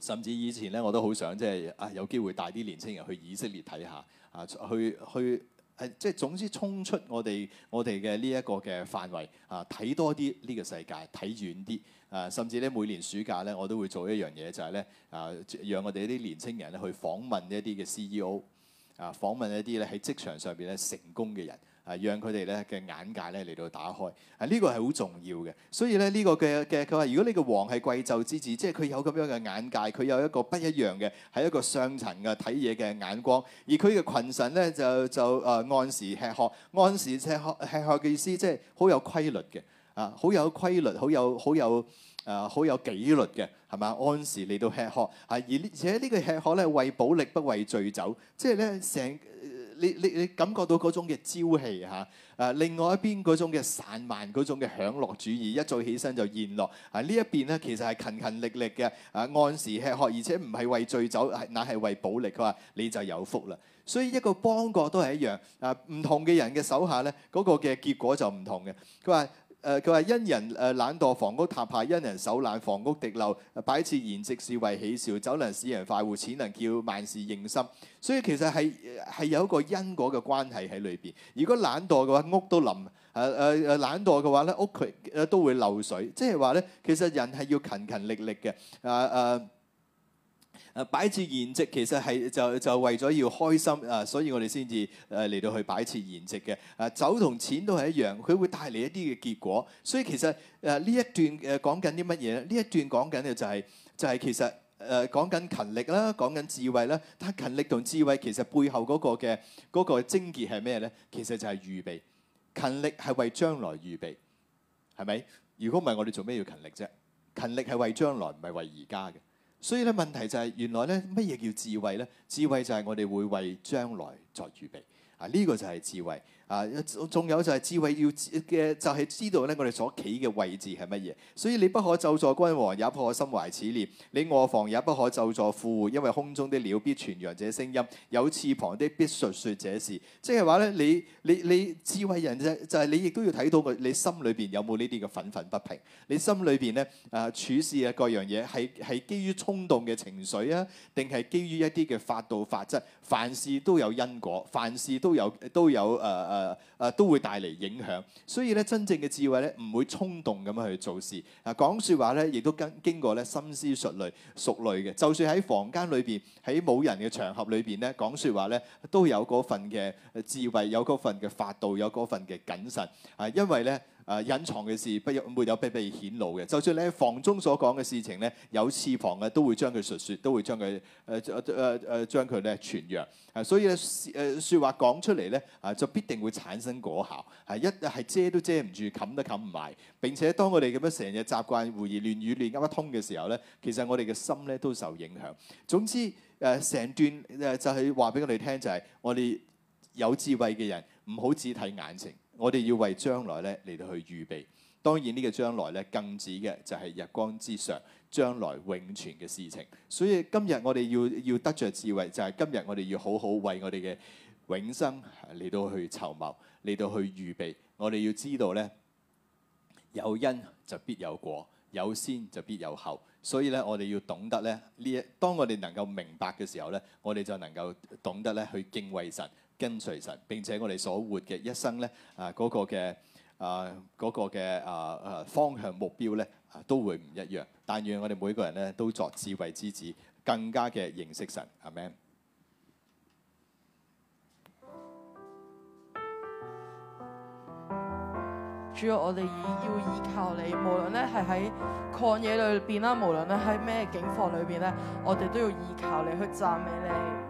甚至以前咧，我都好想即係啊，有機會帶啲年青人去以色列睇下啊，去去誒、啊，即係總之衝出我哋我哋嘅呢一個嘅範圍啊，睇多啲呢個世界，睇遠啲啊。甚至咧，每年暑假咧，我都會做一樣嘢，就係咧啊，讓我哋啲年青人咧去訪問一啲嘅 CEO 啊，訪問一啲咧喺職場上邊咧成功嘅人。啊，讓佢哋咧嘅眼界咧嚟到打開，啊、這、呢個係好重要嘅，所以咧呢、這個嘅嘅佢話，如果你嘅王係貴胄之子，即係佢有咁樣嘅眼界，佢有一個不一樣嘅，係一個上層嘅睇嘢嘅眼光，而佢嘅群臣咧就就啊按時吃喝，按時吃喝時吃喝嘅意思，即係好有規律嘅，啊好有規律，好有好有啊好、呃、有紀律嘅，係嘛？按時嚟到吃喝，啊而且呢個吃喝咧為補力不為醉酒，即係咧成。你你你感覺到嗰種嘅朝氣嚇，誒、啊、另外一邊嗰種嘅散漫，嗰種嘅享樂主義，一早起身就宴樂。啊呢一邊咧其實係勤勤力力嘅，誒、啊、按時吃喝，而且唔係為醉酒，係乃係為保力。佢話你就有福啦，所以一個邦國都係一樣，誒、啊、唔同嘅人嘅手下咧，嗰、那個嘅結果就唔同嘅。佢話。誒，佢話，因人，誒，懶惰房屋塌下，因人手懶房屋滴漏，擺設筵席是為喜笑，酒能使人快活，錢能叫萬事應心。所以其實係係有一個因果嘅關係喺裏邊。如果懶惰嘅話，屋都冧；誒誒誒，懶惰嘅話咧，屋佢都會漏水。即係話咧，其實人係要勤勤力力嘅。誒誒。啊、擺設筵席其實係就就為咗要開心啊，所以我哋先至誒嚟到去擺設筵席嘅。啊，酒同錢都係一樣，佢會帶嚟一啲嘅結果。所以其實誒呢、啊、一段誒講緊啲乜嘢咧？呢一段講緊嘅就係就係其實誒講緊勤力啦，講、啊、緊智慧啦、啊啊。但係勤力同智慧其實背後嗰個嘅嗰、嗰個精結係咩咧？其實就係預備。勤力係為將來預備，係咪？如果唔係，我哋做咩要勤力啫？勤力係為將來，唔係為而家嘅。所以咧問題就係，原來咧乜嘢叫智慧呢？智慧就係我哋會為將來作預備，啊、這、呢個就係智慧。啊，仲有就係智慧要嘅，就係、是、知道咧，我哋所企嘅位置係乜嘢。所以你不可咒詛君王，也不可心懷此念。你臥房也不可咒詛富戶，因為空中的鳥必傳揚這聲音，有翅膀的必述説這事。即係話咧，你你你智慧人啫，就係、是、你亦都要睇到佢，你心裏邊有冇呢啲嘅憤憤不平？你心裏邊咧，誒、啊、處事嘅各樣嘢係係基於衝動嘅情緒啊，定係基於一啲嘅法道法則？凡事都有因果，凡事都有都有誒誒。呃誒誒，都會帶嚟影響，所以咧真正嘅智慧咧唔會衝動咁樣去做事，啊講説話咧亦都跟經過咧深思熟慮熟慮嘅，就算喺房間裏邊喺冇人嘅場合裏邊咧講説話咧都有嗰份嘅智慧，有嗰份嘅法度，有嗰份嘅謹慎，啊，因為咧。啊！隱藏嘅事不有唔會有，不被顯露嘅。就算你房中所講嘅事情咧，有私房嘅，都會將佢述説，都會將佢誒誒誒將佢咧傳揚。啊，所以咧誒説話講出嚟咧啊，就必定會產生果效。係、啊、一係遮都遮唔住，冚都冚唔埋。並且當我哋咁樣成日習慣胡言亂語，亂噏不通嘅時候咧，其實我哋嘅心咧都受影響。總之誒，成、啊、段誒就係話俾我哋聽、就是，就係我哋有智慧嘅人唔好只睇眼睛。我哋要為將來咧嚟到去預備，當然個將呢個將來咧更指嘅就係日光之上將來永存嘅事情。所以今日我哋要要得着智慧，就係、是、今日我哋要好好為我哋嘅永生嚟到去籌謀，嚟到去預備。我哋要知道咧，有因就必有果，有先就必有後。所以咧，我哋要懂得咧呢一，當我哋能夠明白嘅時候咧，我哋就能夠懂得咧去敬畏神，跟隨神，並且我哋所活嘅一生咧，啊嗰個嘅啊嗰個嘅啊啊方向目標咧，啊都會唔一樣。但願我哋每個人咧都作智慧之子，更加嘅認識神。阿門。主啊，我哋要依靠你，無論咧係喺曠野裏邊啦，無論咧喺咩境況裏邊咧，我哋都要依靠你去讚美你。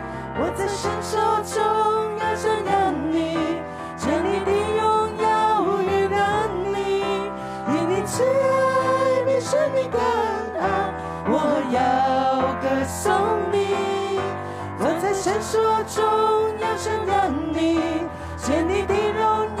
我在神所中要尊揚你，將你的榮耀與能力，因你慈愛比生命更好，我要歌頌你。 我在神所中要尊揚你，將你的榮耀。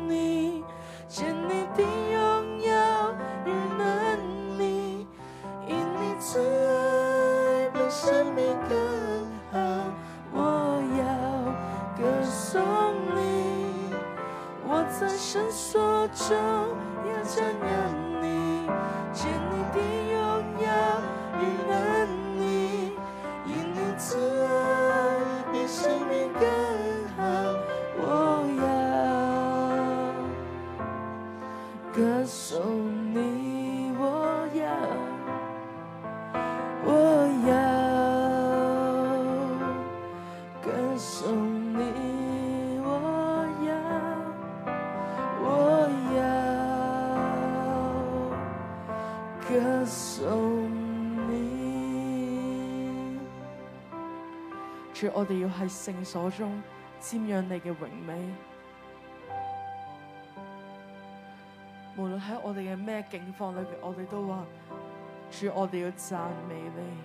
主，我哋要喺聖所中瞻仰你嘅榮美。無論喺我哋嘅咩境況裏邊，我哋都話：主，我哋要讚美你，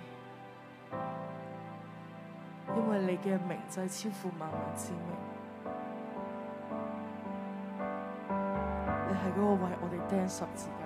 因為你嘅名係超乎萬物之名。你係個為我哋釘十字架。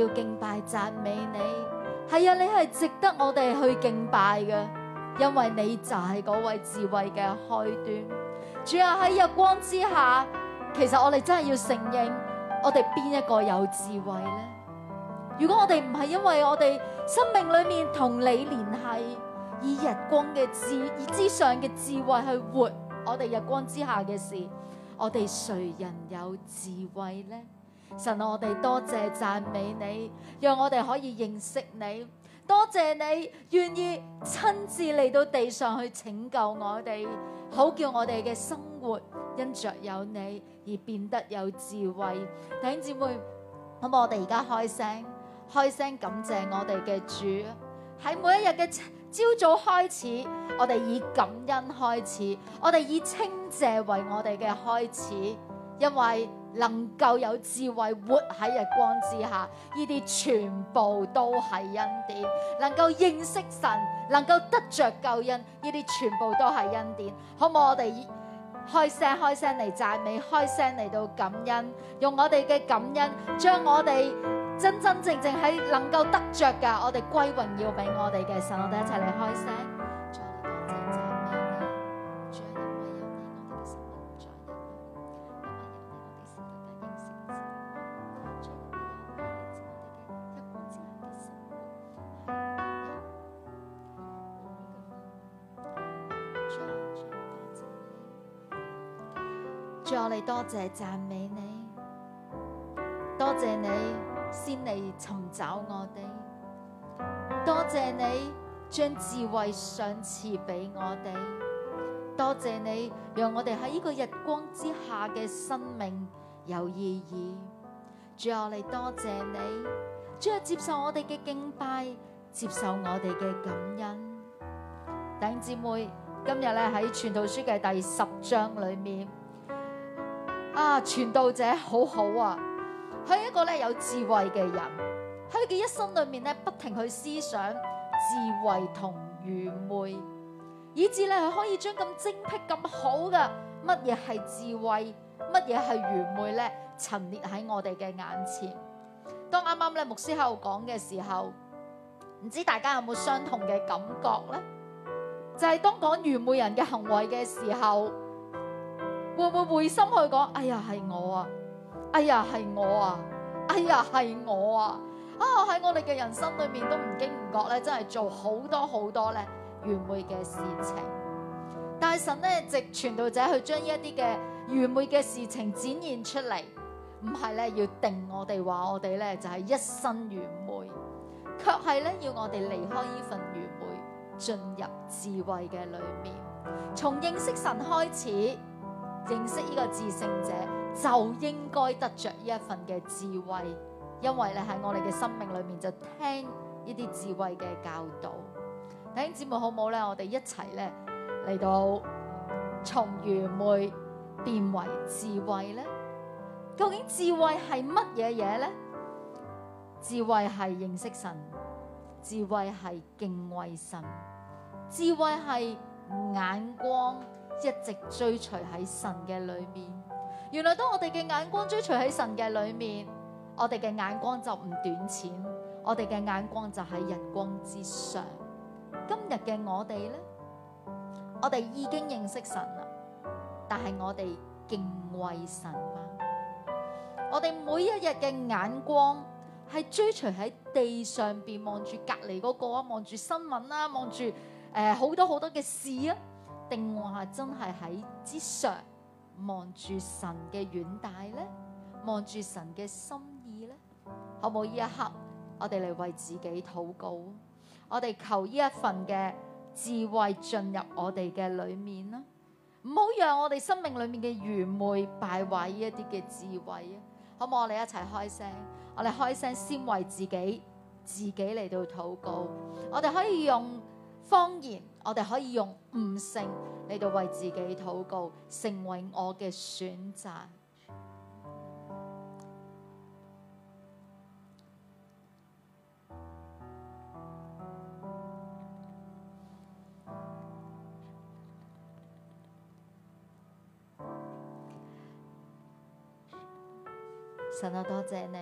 要敬拜讚美你，係啊，你係值得我哋去敬拜嘅，因為你就係嗰位智慧嘅開端。主啊，喺日光之下，其實我哋真係要承認，我哋邊一個有智慧咧？如果我哋唔係因為我哋生命裏面同你聯繫，以日光嘅智以之上嘅智慧去活我哋日光之下嘅事，我哋誰人有智慧咧？神，我哋多謝讚美你，讓我哋可以認識你。多謝你願意親自嚟到地上去拯救我哋，好叫我哋嘅生活因着有你而變得有智慧。弟兄姊妹，咁我哋而家開聲，開聲感謝我哋嘅主。喺每一日嘅朝早開始，我哋以感恩開始，我哋以稱謝為我哋嘅開始，因為能夠有智慧活喺日光之下，呢啲全部都係恩典。能夠認識神，能夠得着救恩，呢啲全部都係恩典。可唔可以我哋開聲開聲嚟讚美，開聲嚟到感恩，用我哋嘅感恩將我哋真真正正喺能夠得着嘅，我哋歸榮耀俾我哋嘅神。我哋一齊嚟開聲。多謝讚美你，多謝你先嚟尋找我哋，多謝你將智慧上賜俾我哋，多謝你讓我哋喺呢個日光之下嘅生命有意義。主啊，嚟多謝你，主啊，接受我哋嘅敬拜，接受我哋嘅感恩。弟兄姊妹，今日咧喺《傳道書》嘅第十章裏面。啊！傳道者好好啊，佢係一個咧有智慧嘅人，佢嘅一生裏面咧不停去思想智慧同愚昧，以至咧可以將咁精辟咁好嘅乜嘢係智慧，乜嘢係愚昧咧陳列喺我哋嘅眼前。當啱啱咧牧師喺度講嘅時候，唔知大家有冇相同嘅感覺咧？就係當講愚昧人嘅行為嘅時候。會唔會回心去講？哎呀係我啊！哎呀係我啊！哎呀係我啊！啊喺，我哋嘅人生裏面都唔經唔覺咧，真係做好多好多咧愚昧嘅事情。但係神咧，藉傳道者去將一啲嘅愚昧嘅事情展現出嚟，唔係咧要定我哋話我哋咧就係、是、一生愚昧，卻係咧要我哋離開呢份愚昧，進入智慧嘅裏面，從認識神開始。認識呢個智性者，就應該得着呢一份嘅智慧，因為你喺我哋嘅生命裏面就聽呢啲智慧嘅教導。弟兄姊妹好唔好咧？我哋一齊咧嚟，到從愚昧變為智慧咧。究竟智慧係乜嘢嘢咧？智慧係認識神，智慧係敬畏神，智慧係眼光，一直追隨喺神嘅裏面，原來當我哋嘅眼光追隨喺神嘅裏面，我哋嘅眼光就唔短淺，我哋嘅眼光就喺日光之上。今日嘅我哋呢？我哋已經認識神啦，但係我哋敬畏神呀？我哋每一日嘅眼光係追隨喺地上邊，那個，望住隔籬嗰個啊，望住新聞啦，望住誒好多好多嘅事啊。定話真係喺之上望住神嘅遠大咧，望住神嘅心意咧，好唔好？呢一刻，我哋嚟為自己禱告啊，我哋求呢一份嘅智慧進入我哋嘅裏面啦啊，唔好讓我哋生命裏面嘅愚昧敗壞呢一啲嘅智慧啊，好唔好我？我哋一齊開聲，我哋開聲先為自己，自己嚟到禱告，我哋可以用方言。我哋可以用悟性嚟到為自己禱告，成為我嘅選擇。神啊，多謝你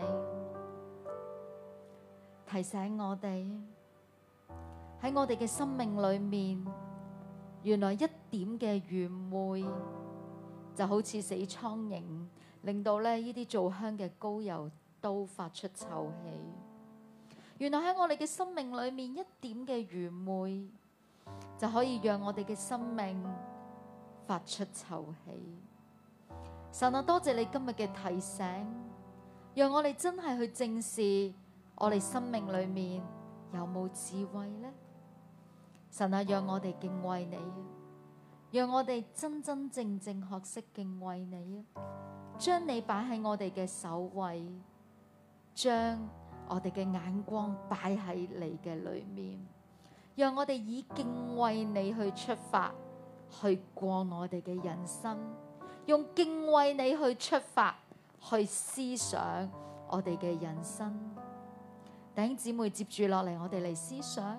提醒我哋。喺我哋嘅生命裏面，原來一點嘅愚昧，就好似死蒼蠅，令到呢呢啲做香嘅膏油都發出臭氣。原來喺我哋嘅生命裏面，一點嘅愚昧就可以讓我哋嘅生命發出臭氣。神啊，多謝你今日嘅提醒，讓我哋真係去正視我哋生命裏面有冇智慧呢。神啊，讓我哋敬畏你，讓我哋真真正正學識敬畏你啊！將你擺喺我哋嘅首位，將我哋嘅眼光擺喺你嘅裏面，讓我哋以敬畏你去出發，去過我哋嘅人生，用敬畏你去出發，去思想我哋嘅人生。等姊妹接住落嚟，我哋嚟思想。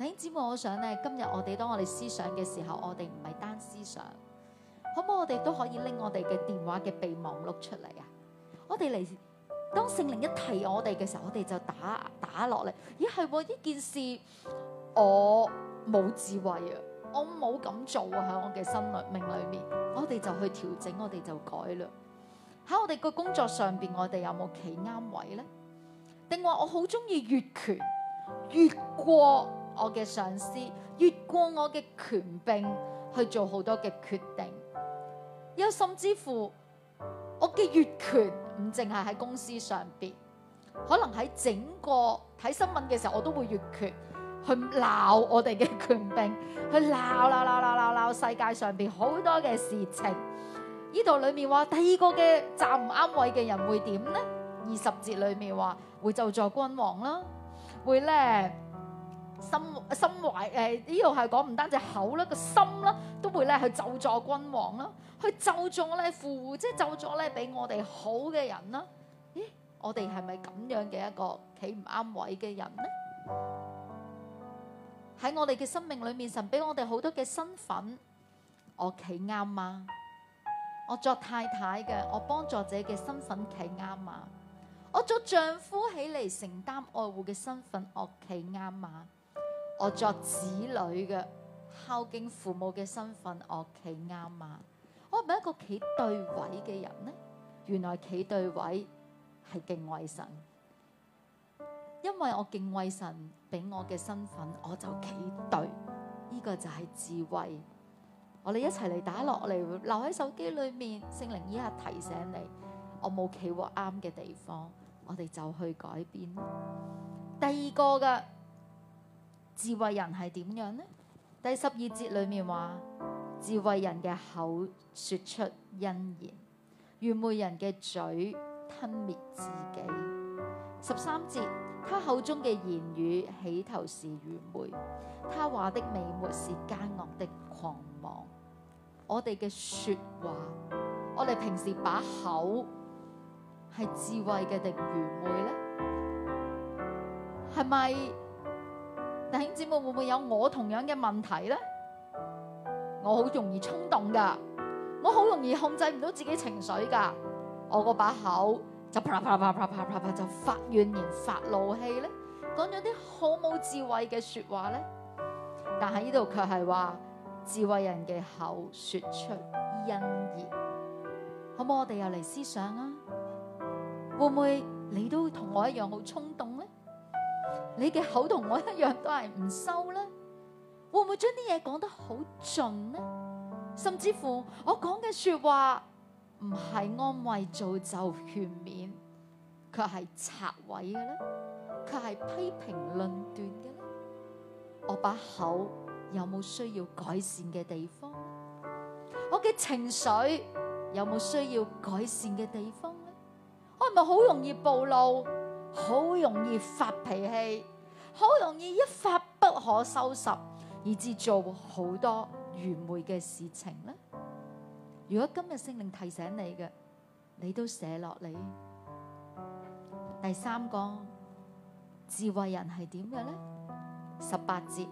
弟兄，我想咧。今日我哋當我哋思想嘅時候，我哋唔係單思想，可唔可以我哋都可以拎我哋嘅電話嘅備忘錄出嚟啊？我哋嚟當聖靈一提我哋嘅時候，我哋就打打落嚟。咦，係呢件事我冇智慧啊，我冇咁做啊，喺我嘅心內命裏面，我哋就去調整，我哋就改啦。喺我哋個工作上面，我哋有冇企啱位咧？定話我好中意越權越過。我嘅上司越過我嘅權柄去做好多嘅決定，又甚至乎我嘅越權唔淨係喺公司上邊，可能喺整個睇新聞嘅時候，我都會越權去鬧我哋嘅權柄，去鬧鬧鬧鬧鬧鬧世界上邊好多嘅事情。呢度裏面話第二個嘅站唔啱位嘅人會點呢？二十節裏面話會就坐君王啦，會咧。心心懷誒，呢度係講唔單止口啦，個心啦都會咧去咒詛君王啦，去咒詛咧富戶，即係咒詛咧比我哋好嘅人啦。咦，我哋係咪咁樣嘅一個企唔啱位嘅人呢？喺我哋嘅生命裏面，神俾我哋好多嘅身份，我企啱嘛？我作太太嘅，我幫助者嘅身份企啱嘛？我做丈夫起嚟承擔愛護嘅身份，我企啱嘛？我作子女嘅孝敬父母嘅身份，我企啱啊。我係咪一個企對位嘅人呢？原來企對位係敬畏神，因為我敬畏神俾我嘅身份，我就企對。呢個就係智慧。我哋一齊嚟打落嚟，留喺手機裏面。聖靈依刻提醒你，我冇企喎啱嘅地方，我哋就去改變。第二個嘅。智慧人係點樣呢？第十二節裏面話，智慧人嘅口說出恩言，愚昧人嘅嘴吞滅自己。十三節，他口中嘅言語起頭是愚昧，他話的尾末是奸惡的狂妄。我哋嘅說話，我哋平時把口係智慧嘅定愚昧呢？係咪？弟兄姊妹會唔會有我同樣嘅問題咧？我好容易衝動㗎，我好容易控制唔到自己情緒㗎，我嗰把口就啪啪啪啪啪啦啪啪就發怨言發怒氣咧，講咗啲好冇智慧嘅說話咧。但係呢度卻係話智慧人嘅口說出恩言，好唔好？我哋又嚟思想啊，會唔會你都同我一樣好衝動？你嘅口同我一樣都係唔收咧，會唔會將啲嘢講得好盡呢？甚至乎我講嘅說話唔係安慰、造就、勸勉，佢係拆毀嘅咧，佢係批評、論斷嘅咧。我把口有冇需要改善嘅地方？我嘅情緒有冇需要改善嘅地方咧？我係咪好容易暴露？好容易發脾氣，好容易一發不可收拾，以至做好多愚昧嘅事情咧。如果今日聖靈提醒你嘅，你都寫落嚟。第三個智慧人係點嘅呢？十八節，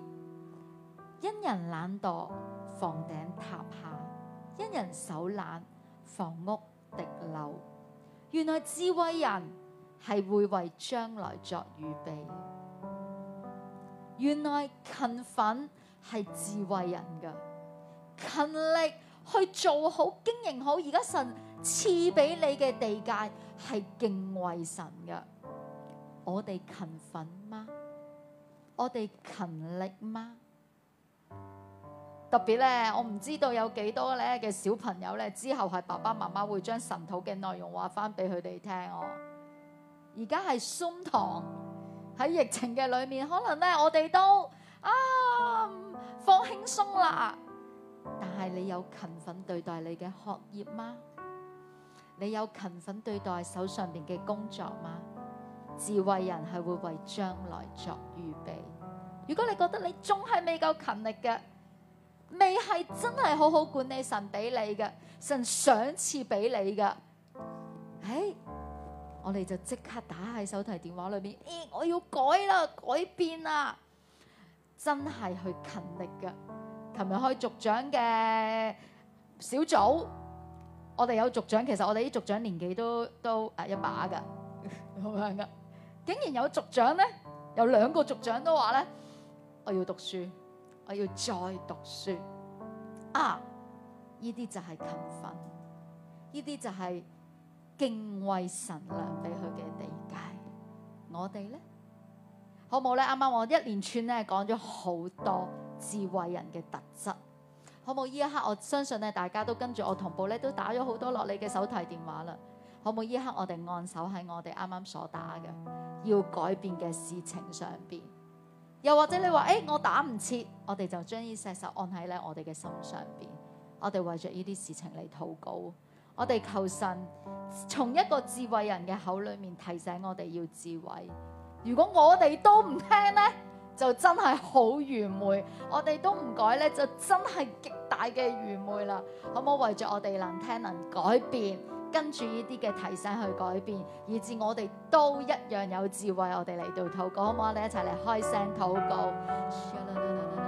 因人懶惰，房頂塌下；因人手懶，房屋滴漏。原來智慧人。係會為將來作預備。原來勤奮係智慧人嘅，勤力去做好經營好而家神賜俾你嘅地界係敬畏神嘅。我哋勤奮嗎？我哋勤力嗎？特別咧，我唔知道有幾多咧嘅小朋友咧，之後係爸爸媽媽會將神土嘅內容話返俾佢哋聽哦。而家係 Zoom 堂喺疫情嘅裏面，可能咧我哋都啊放輕鬆啦。但係你有勤奮對待你嘅學業嗎？你有勤奮對待手上邊嘅工作嗎？智慧人係會為將來作預備。如果你覺得你仲係未夠勤力嘅，未係真係好好管理神俾你嘅，神賞賜俾你嘅，哎。我哋就即刻打喺手提電話裏邊，咦、哎，我要改啦，改變啦，真係去勤力噶琴日開組長嘅小組，我哋有組長，其實我哋啲組長年紀都都誒一把噶，咁樣噶。竟然有組長咧，有兩個組長都話咧，我要讀書，我要再讀書啊！呢啲就係勤奮，呢啲就係、是。敬畏神良，俾佢嘅理解，我哋呢好冇咧？啱啱我一連串咧講咗好多智慧人嘅特質，好冇？呢一刻我相信咧，大家都跟住我同步咧，都打咗好多落你嘅手提電話啦。好冇？呢一刻我哋按手喺我哋啱啱所打嘅，要改變嘅事情上邊。又或者你話誒、哎，我打唔切，我哋就將呢隻手按喺咧我哋嘅心上邊，我哋為著呢啲事情嚟禱告。我哋求神從一個智慧人嘅口裏面提醒我哋要智慧。如果我哋都唔聽呢，就真係好愚昧；我哋都唔改呢，就真係極大嘅愚昧啦。可唔可以為咗我哋能聽、能改變，跟住呢啲嘅提醒去改變，以至我哋都一樣有智慧？我哋嚟到禱告，可唔可以一齊嚟開聲禱告？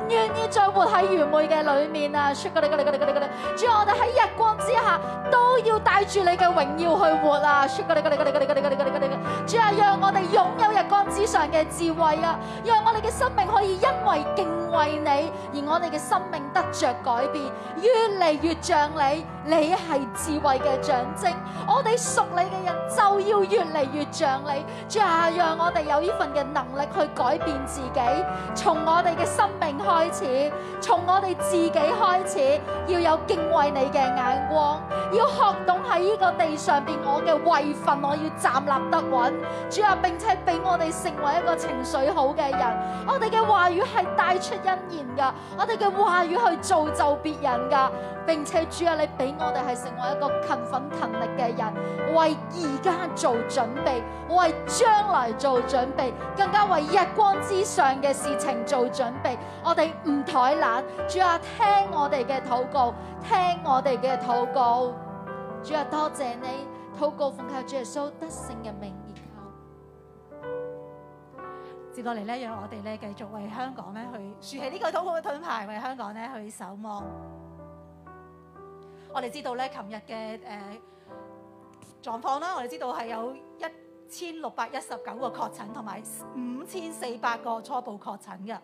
願意再活喺愚昧嘅裏面啊！主 啊楽，我哋喺日光之下都要帶住你嘅榮耀去活啊！主啊，讓我哋擁有日光之上嘅智慧啊！讓我哋嘅生命可以因為敬。為你而我哋嘅生命得着改變，越嚟越像你。你係智慧嘅象徵，我哋屬你嘅人就要越嚟越像你。主啊，讓我哋有呢份嘅能力去改變自己，從我哋嘅生命開始，從我哋自己開始，要有敬畏你嘅眼光，要學懂喺呢個地上邊我嘅位份，我要站立得穩。主要並且俾我哋成為一個情緒好嘅人，我哋嘅話語係帶出。恩言㗎，我哋嘅話語去造就別人㗎。並且主啊，你俾我哋係成為一個勤奮勤力嘅人，為而家做準備，為將來做準備，更加為日光之上嘅事情做準備。我哋唔怠懶，主啊，聽我哋嘅禱告，聽我哋嘅禱告。主啊，多謝你，禱告，奉靠主耶穌得勝嘅名。接落嚟咧，讓我哋咧繼續為香港咧去樹起呢個禱告嘅盾牌，為香港咧去守望。我哋知道咧，琴日嘅誒狀況啦，我哋知道係有一千六百一十九個確診，同埋五千四百個初步確診嘅。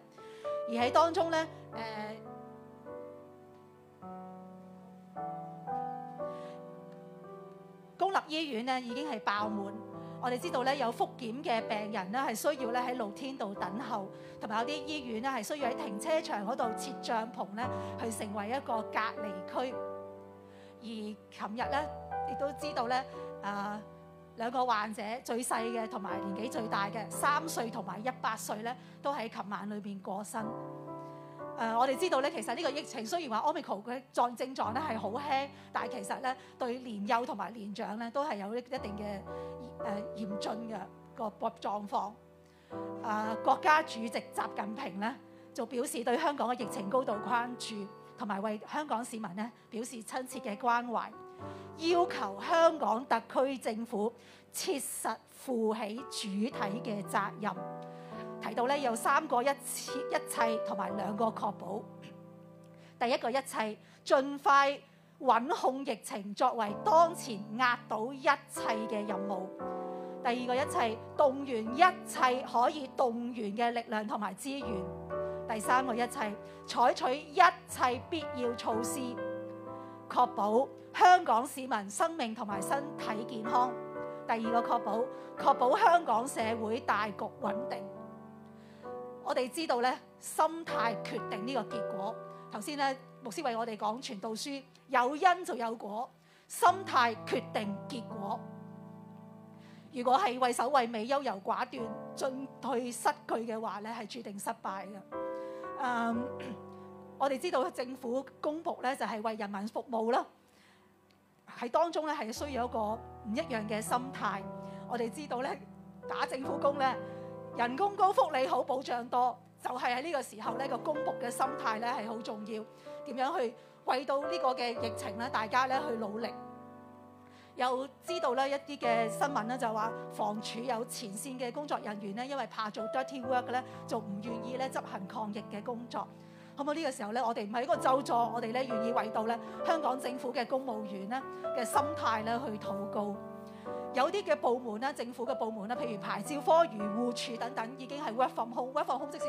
而喺當中咧，誒、呃、公立醫院咧已經係爆滿。我哋知道咧，有復檢嘅病人咧，係需要咧喺露天度等候，同埋有啲醫院咧，係需要喺停車場嗰度設帳篷咧，去成為一個隔離區。而琴日咧，亦都知道咧，啊，兩個患者最細嘅同埋年紀最大嘅三歲同埋一百歲咧，都喺琴晚裏邊過身。誒，uh, 我哋知道咧，其實呢個疫情雖然話 Omicron 嘅狀症狀咧係好輕，但係其實咧對年幼同埋年長咧都係有一一定嘅誒嚴峻嘅個狀況。誒、呃，國家主席習近平咧就表示對香港嘅疫情高度關注，同埋為香港市民咧表示親切嘅關懷，要求香港特區政府切實負起主體嘅責任。提到咧有三個一,一切、一切同埋兩個確保。第一個一切，盡快穩控疫情作為當前壓倒一切嘅任務。第二個一切，動員一切可以動員嘅力量同埋資源。第三個一切，採取一切必要措施，確保香港市民生命同埋身體健康。第二個確保，確保香港社會大局穩定。我哋知道咧，心態決定呢個結果。頭先咧，牧師為我哋講《傳道書》，有因就有果，心態決定結果。如果係畏首畏尾、優柔寡斷、進退失據嘅話咧，係註定失敗嘅。誒，我哋知道政府公僕咧，就係為人民服務啦。喺當中咧，係需要一個唔一樣嘅心態。我哋知道咧，打政府工咧。人工高、福利好、保障多，就係喺呢個時候咧，個公僕嘅心態咧，係好重要。點樣去為到呢個嘅疫情咧，大家咧去努力。又知道咧一啲嘅新聞咧就話，房署有前線嘅工作人員咧，因為怕做 dirty work 咧，就唔願意咧執行抗疫嘅工作。可唔可以呢個時候咧，我哋唔係一個咒詛，我哋咧願意為到咧香港政府嘅公務員咧嘅心態咧去禱告。有啲嘅部門咧，政府嘅部門咧，譬如牌照科、漁護署等等，已經係 work from home，work from home 即是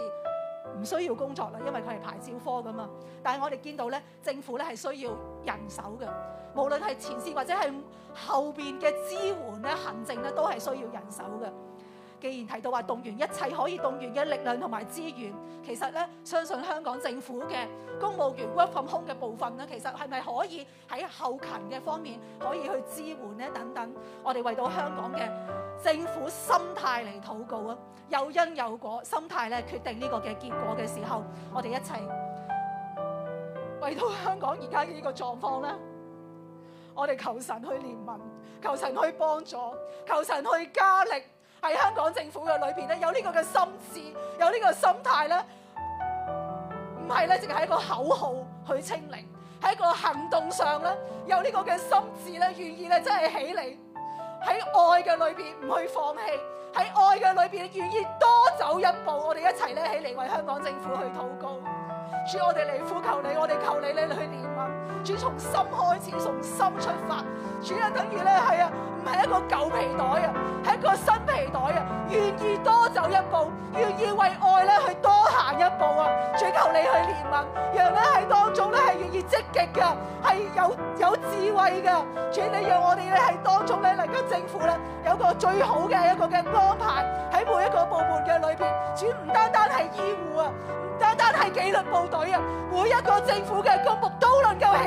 唔需要工作啦，因為佢係牌照科噶嘛。但係我哋見到咧，政府咧係需要人手嘅，無論係前線或者係後邊嘅支援咧、行政咧，都係需要人手嘅。既然提到話動員一切可以動員嘅力量同埋資源，其實咧相信香港政府嘅公務員 work from home 嘅部分咧，其實係咪可以喺後勤嘅方面可以去支援咧？等等，我哋為到香港嘅政府心態嚟禱告啊！有因有果，心態咧決定呢個嘅結果嘅時候，我哋一齊為到香港而家嘅呢個狀況咧，我哋求神去憐憫，求神去幫助，求神去加力。喺香港政府嘅裏邊咧，有呢個嘅心智，有呢個心態咧，唔係咧，淨係一個口號去清零，喺一個行動上咧，有呢個嘅心智呢。咧，願意咧，真係起嚟喺愛嘅裏邊唔去放棄，喺愛嘅裏邊願意多走一步，我哋一齊咧起嚟為香港政府去禱告，主我哋嚟呼求你，我哋求你咧去憐憫，啊。主從心開始，從心出發。主啊，等於咧，係啊，唔係一個舊皮袋啊，係一個新皮袋啊。願意多走一步，願意為愛咧去多行一步啊。主求你去憐憫，讓咧喺當中咧，係願意積極嘅，係有有智慧嘅。主你讓我哋咧喺當中咧能夠政府咧，有個最好嘅一個嘅安排喺每一個部門嘅裏邊。主唔單單係醫護啊，唔單單係紀律部隊啊，每一個政府嘅公僕都能夠。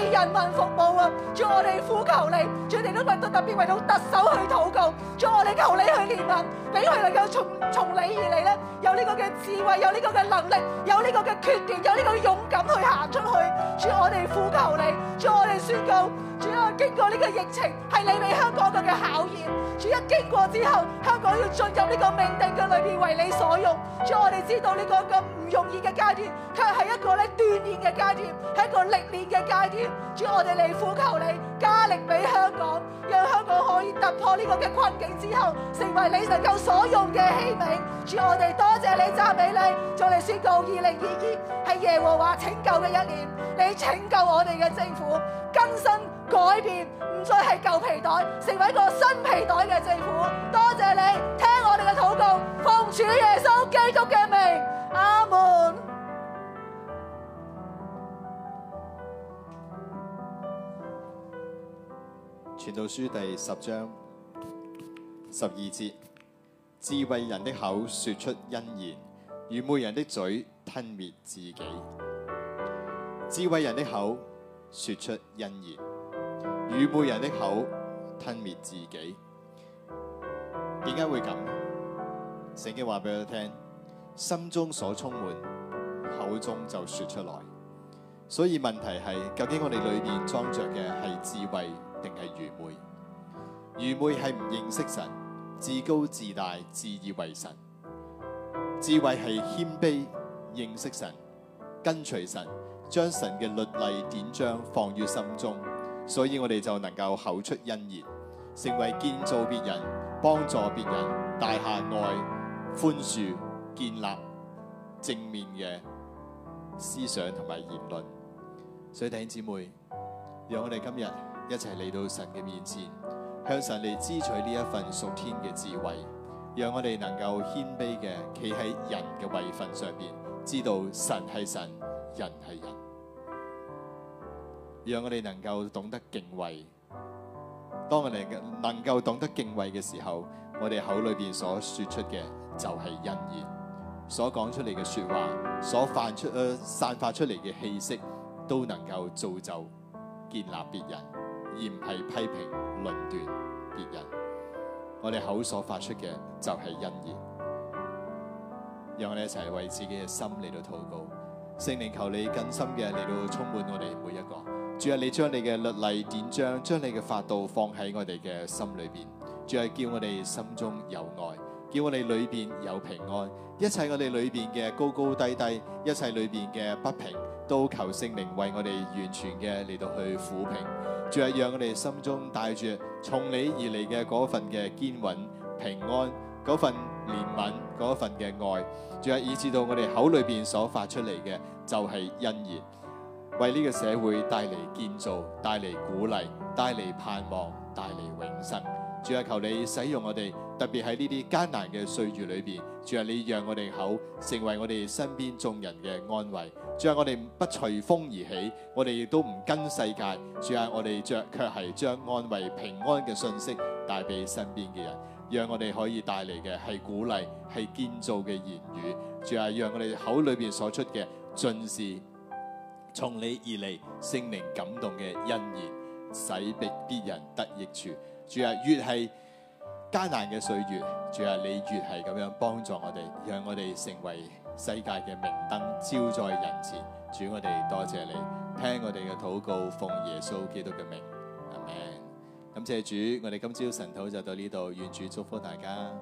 為人民服務啊！主，我哋呼求你，主，你都為到特別，為到特首去禱告，主，我哋求你去憐憫，俾佢能夠從從你而嚟咧，有呢個嘅智慧，有呢個嘅能力，有呢個嘅決定，有呢個勇敢去行出去。主，我哋呼求你，主，我哋宣告，主啊，經過呢個疫情係你為香港嘅嘅考驗，主一經過之後，香港要進入呢個命定嘅裏邊，為你所用。主，我哋知道呢個咁唔容易嘅階段，卻係一個咧鍛煉嘅階段，係一個歷練嘅階段。主，我哋嚟苦求你加力俾香港，讓香港可以突破呢個嘅困境之後，成為你能夠所用嘅器皿。主，我哋多謝你交俾你，再嚟宣告二零二二係耶和華拯救嘅一年。你拯救我哋嘅政府，更新改變，唔再係舊皮袋，成為一個新皮袋嘅政府。多謝你聽我哋嘅禱告，奉主耶穌基督嘅名，阿門。傳道書第十章十二節：智慧人的口說出恩言，愚昧人的嘴吞滅自己。智慧人的口說出恩言，愚昧人的口吞滅自己。點解會咁？聖經話俾我聽：心中所充滿，口中就說出來。所以問題係，究竟我哋裏面裝着嘅係智慧？定係愚昧，愚昧係唔認識神，自高自大，自以為神。智慧係謙卑，認識神，跟隨神，將神嘅律例典章放於心中，所以我哋就能夠口出恩言，成為建造別人、幫助別人、大下愛、寬恕、建立正面嘅思想同埋言論。所以弟兄姊妹，讓我哋今日。一齊嚟到神嘅面前，向神嚟支取呢一份屬天嘅智慧，讓我哋能夠謙卑嘅企喺人嘅位份上邊，知道神係神，人係人。讓我哋能夠懂得敬畏。當我哋能夠懂得敬畏嘅時候，我哋口裏邊所說出嘅就係恩言，所講出嚟嘅說話，所泛出誒散發出嚟嘅氣息，都能夠造就建立別人。而唔係批評、論斷別人，我哋口所發出嘅就係恩言。讓我哋一齊為自己嘅心嚟到禱告，聖靈求你更深嘅嚟到充滿我哋每一個。主啊，你將你嘅律例典章，將你嘅法度放喺我哋嘅心裏邊。主啊，叫我哋心中有愛，叫我哋裏邊有平安。一切我哋裏邊嘅高高低低，一切裏邊嘅不平。都求聖靈為我哋完全嘅嚟到去撫平，仲係讓我哋心中帶住從你而嚟嘅嗰份嘅堅穩平安，嗰份憐憫，嗰份嘅愛，仲係以至到我哋口裏邊所發出嚟嘅就係恩言，為呢個社會帶嚟建造、帶嚟鼓勵、帶嚟盼望、帶嚟永生。主啊，求你使用我哋，特別喺呢啲艱難嘅歲月裏邊。主啊，你讓我哋口成為我哋身邊眾人嘅安慰。主啊，我哋不隨風而起，我哋亦都唔跟世界。主啊，我哋著卻係將安慰平安嘅信息帶俾身邊嘅人。讓我哋可以帶嚟嘅係鼓勵，係建造嘅言語。主啊，讓我哋口裏邊所出嘅盡是從你而嚟、聖靈感動嘅恩言，使別別人得益處。主啊，越係艱難嘅歲月，主啊，你越係咁樣幫助我哋，讓我哋成為世界嘅明燈，照在人前。主，我哋多謝你，聽我哋嘅禱告，奉耶穌基督嘅名，阿門。感謝主，我哋今朝晨禱就到呢度，願主祝福大家。